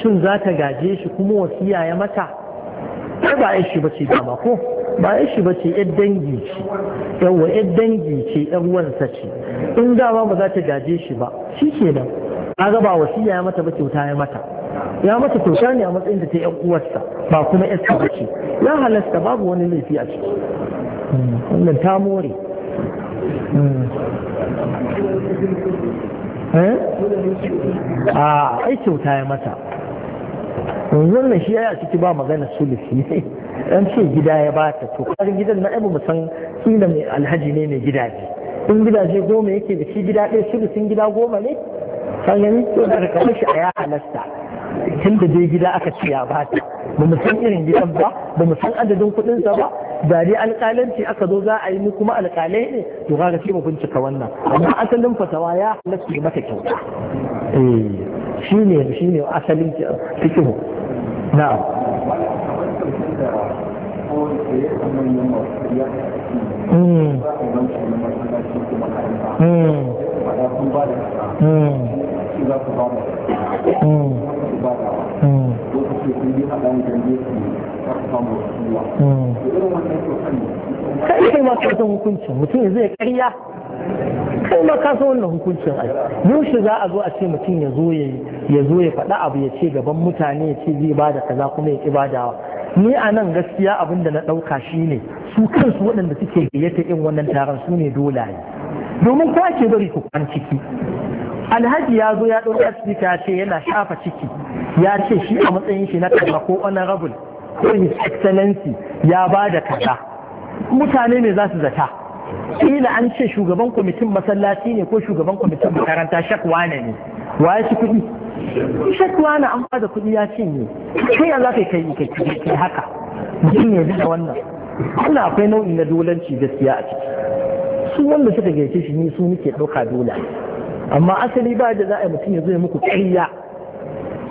shin za ta gaje shi kuma wasiya ya mata ai ba shi ba ce dama ko ba ai shi ce yar dangi ce yawa yar dangi ce yar wansa ce in dama ba za ta gaje shi ba shi kenan ga ba wasiya ya mata ba kyauta ya mata ya mata kyauta ne a matsayin da ta yan uwarsa ba kuma yarsa ba ce ya halasta babu wani laifi a ciki wannan ta more hmm. eh? a ai kyauta ya mata yanzu nan shi ya ciki ba magana sulusi an ce gida ya ba ta to kar gidan na abu musan kila mai alhaji ne mai gidaje in gidaje goma yake da shi gida ɗaya sulusin gida goma ne kan gani to da kamar shi a ya halasta tun da dai gida aka ce ya bata ba mu san irin gidan ba ba mu san adadin kuɗin sa ba da dai alƙalanci aka zo za a yi ni kuma alƙalai ne to ga sai mu bincika wannan amma asalin fatawa ya halasta mata kyauta eh. shine shine asalin fikihu na'am kai masu ma hukunci mutum zai karya kai ma ka san wannan hukuncin ai yaushe za a zo a ce mutum ya zo ya ya zo ya faɗa abu ya ce gaban mutane ya ce zai bada kaza kuma ya ki badawa ni a nan gaskiya abin da na ɗauka shine su kansu waɗanda suke gayyata irin wannan taron su ne dolaye domin ko ake bari ku kwan ciki alhaji ya zo ya ɗauki asibiti ya ce yana shafa ciki ya ce shi a matsayin shi na kaza ko honorable ko his excellency ya ba da kaza mutane ne za su zata kila an ce shugaban kwamitin masallaci ne ko shugaban kwamitin makaranta shakwana ne wa ya ci kuɗi shakwana an bada kuɗi ya cinye kai ya za ka kai kai kai haka mutum ya da wannan Allah akwai nau'in na dolanci gaskiya a ciki su wanda suka gaice shi ni su nake ɗauka dola amma asali ba da za a yi mutum ya zo muku ƙarya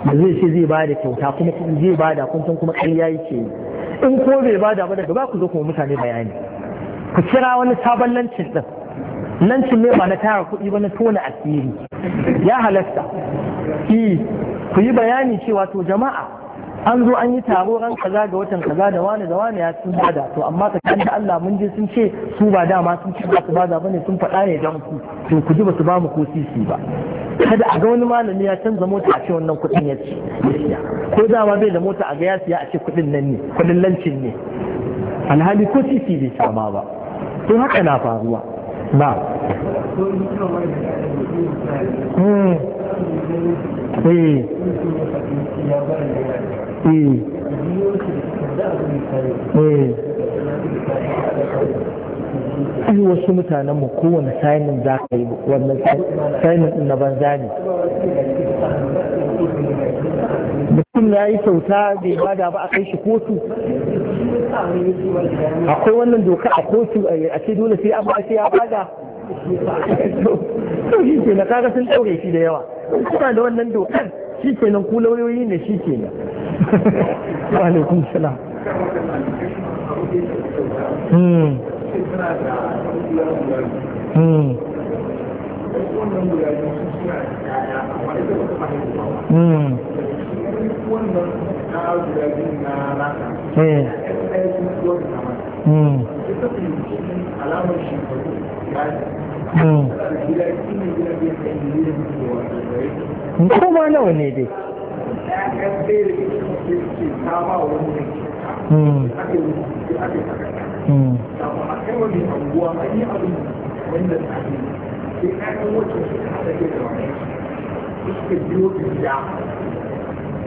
da zai ce zai bada kyauta kuma zai bada kun kuma ƙarya yake yi in ko bai bada ba daga ba ku zo kuma mutane bayani ku kira wani sabon lancin ɗin lancin ne ba na tara kuɗi ba na tona asiri ya halatta i e, ku yi bayani cewa to jama'a an zo an yi taro ran kaza ga watan kaza da wani da wani ya sun bada to amma ka kanta Allah mun je sun ce su ba dama sun ce ba su bada bane sun faɗa ne don ku to ku ji ba su ba mu ko sisi ba kada a ga wani malami ya canza mota a ce wannan kuɗin ya ci ko dama bai da mota a ga ya siya a ce kuɗin nan ne kuɗin lancin ne alhali ko sisi bai sama ba to haka na faruwa ba yi hmm. eh. eh. eh. wasu mutanen mu kowane sainin za ka yi wannan sainin na banza ne mutum ya yi kyauta bai bada ba a kai shi kotu akwai wannan doka a kotu eh, a ce dole sai abu a ce ya bada to shi ke na kaga sun daure shi da yawa suna da wannan dokar shi ke nan ku lauyoyi ne shi ke nan alaikum salam Hmm. Hmm. Hmm. wannan na guda biyu na raka eh ɗaya hmm. hmm. nawa ne dai wanda hmm.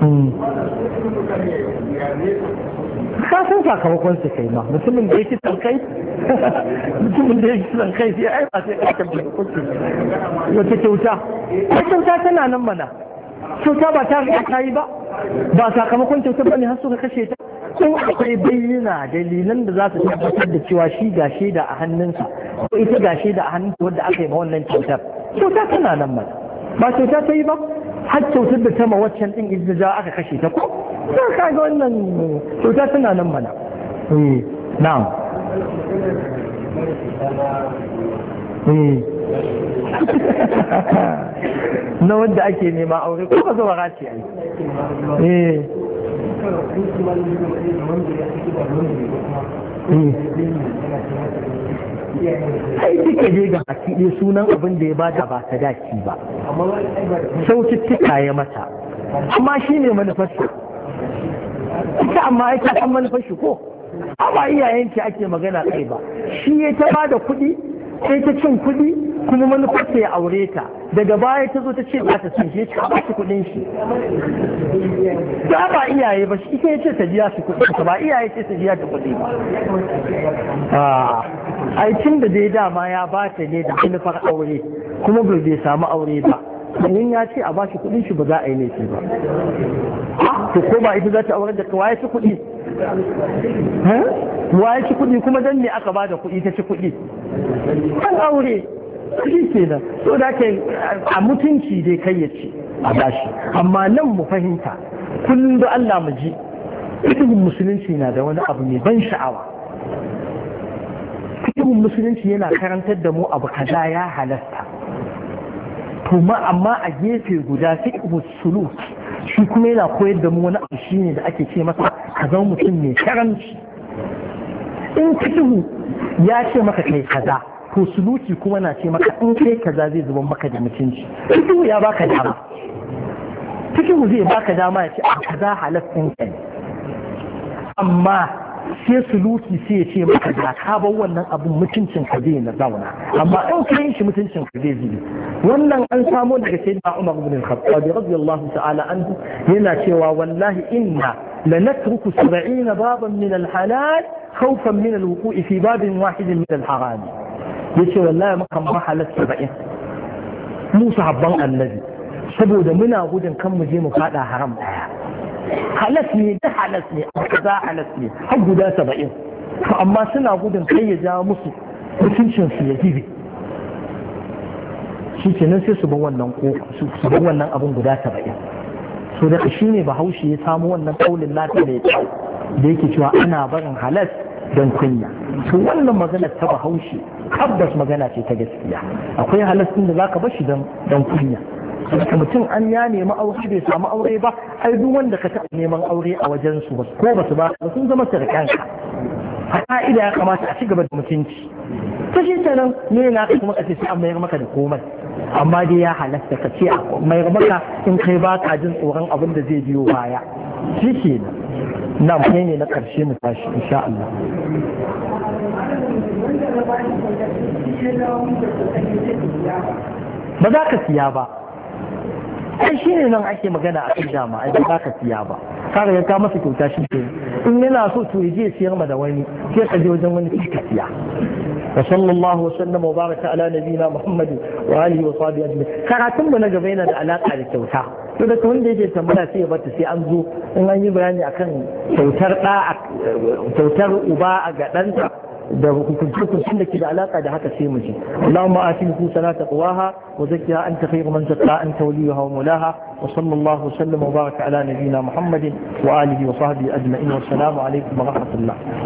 Hmm. ka san sakamakon su kai ma mutumin da ya ci kai mutumin da ya ci kai sai ai ba sai ka tabbata kuce wata kyauta ta kyauta tana nan mana kyauta ba ta riga ta yi ba ba sakamakon kyauta ba ne har suka kashe ta in akwai bayyana dalilan da za su tabbatar da cewa shi ga shaida a hannunsa ko ita ga shaida a hannunsa wadda aka yi ma wannan kyautar kyauta tana nan mana ba kyauta ta yi ba har kyautar da ta ma waccan din idan za aka kashe ta ko sai ga wannan kyauta tana nan mana eh na'am eh. na wanda ake nema aure ko ba zuwa raci ai eh, eh. kai kike je ga haki ɗaya sunan abin da ya bada ba ta daki ba kyaututtuka ya mata amma shi ne shi. ita amma ta san manufar shi ko ba iyayenki ake magana kai ba shi ya ta da kuɗi sai ta cin kuɗi kuma manufarta ya aure ta daga baya ta zo ta ce ba ta cin shi ta ba shi kuɗin shi ta ba iyaye ba shi ita ya ce ta biya su kuɗi ba iyaye ce ta biya ta kuɗi ba a ah, tun da dai dama ya ba ta ne da manufar aure kuma bai samu aure ba sannan ya ce a ba shi kuɗin shi ba za a yi laifi ba ah, to ko ba ita za ta aure da kawai su kuɗi wa ya ci kuɗi kuma don me aka ba da kuɗi ta ci kuɗi an aure shi ke da so da ke a mutunci dai kai ya ce a bashi amma nan mu fahimta kullum da Allah mu ji fitin musulunci na da wani abu mai ban sha'awa fitin musulunci yana karantar da mu abu kaza ya halasta kuma amma a gefe guda fitin musulunci shi kuma yana koyar da mu wani abu shine da ake ce masa ka zama mutum mai karanci in fikihu ya ce maka kai kaza ko suluki kuma na ce maka in kai kaza zai zuba maka da mutunci fikihu ya baka dama fikihu zai baka dama ya ce a ah, kaza halas ɗin kai amma sai suluki sai ya ce maka da ka bar wannan abin mutuncin ka zai na zauna amma in kai shi mutuncin ka zai zube wannan an samo daga sayyidina Umar ibn al-Khattab radiyallahu ta'ala anhu yana cewa wallahi inna لنترك سبعين بابا من الحلال خوفا من الوقوع في باب واحد من الحرام يشي والله ما كان محل سبعين mu sahabban annabi saboda muna gudun kan mu je mu fada haram daya halas ne da halas ne kaza halas ne har guda saba'in to amma suna gudun kai ya ja musu mutuncin su ya jibi shi kenan sai su bar wannan ko su bar wannan abin guda saba'in so da shi ne bahaushe ya samu wannan kaulin lafiya mai kyau da yake cewa ana barin halas don kunya to wannan magana ta bahaushe tabbas magana ce ta gaskiya akwai halas din da zaka bashi don don kunya saboda mutum an ya nemi aure bai samu aure ba ai duk wanda ka taɓa neman aure a wajen su ko ba su ba sun zama sarƙanka a ka'ida ya kamata a ci gaba da mutunci ta shi kenan ne na kuma ka ce sai an mayar maka da komai amma dai ya halasta ka ce mai maka in kai ba ka jin tsoron abin da zai biyo baya shi ke nan kai ne na karshe mu tashi insha Allah ba za ka siya ba ai shi ne nan ake magana a kan dama ai ba ka siya ba kaga ya ka masa kyauta shi ke in yana so to je siyar ma da wani sai ka je wajen wani ka siya wa sallallahu wa sallam wa baraka ala nabiyina muhammad wa alihi wa sahbihi ajma'in karatun mu na gaba yana da alaka da kyauta to da wanda yake tambaya sai ya bata sai an zo in an yi bayani akan kyautar da kyautar uba ga ɗanta da hukuncin da ke da alaka da haka sai mu ji Allahumma ati nufusana taqwaha wa zakkiha anta khayru man zakkaha anta waliyuha wa mulaha wa sallallahu sallama wa baraka ala nabiyyina Muhammadin wa alihi wa sahbihi ajma'in wa assalamu alaikum wa rahmatullah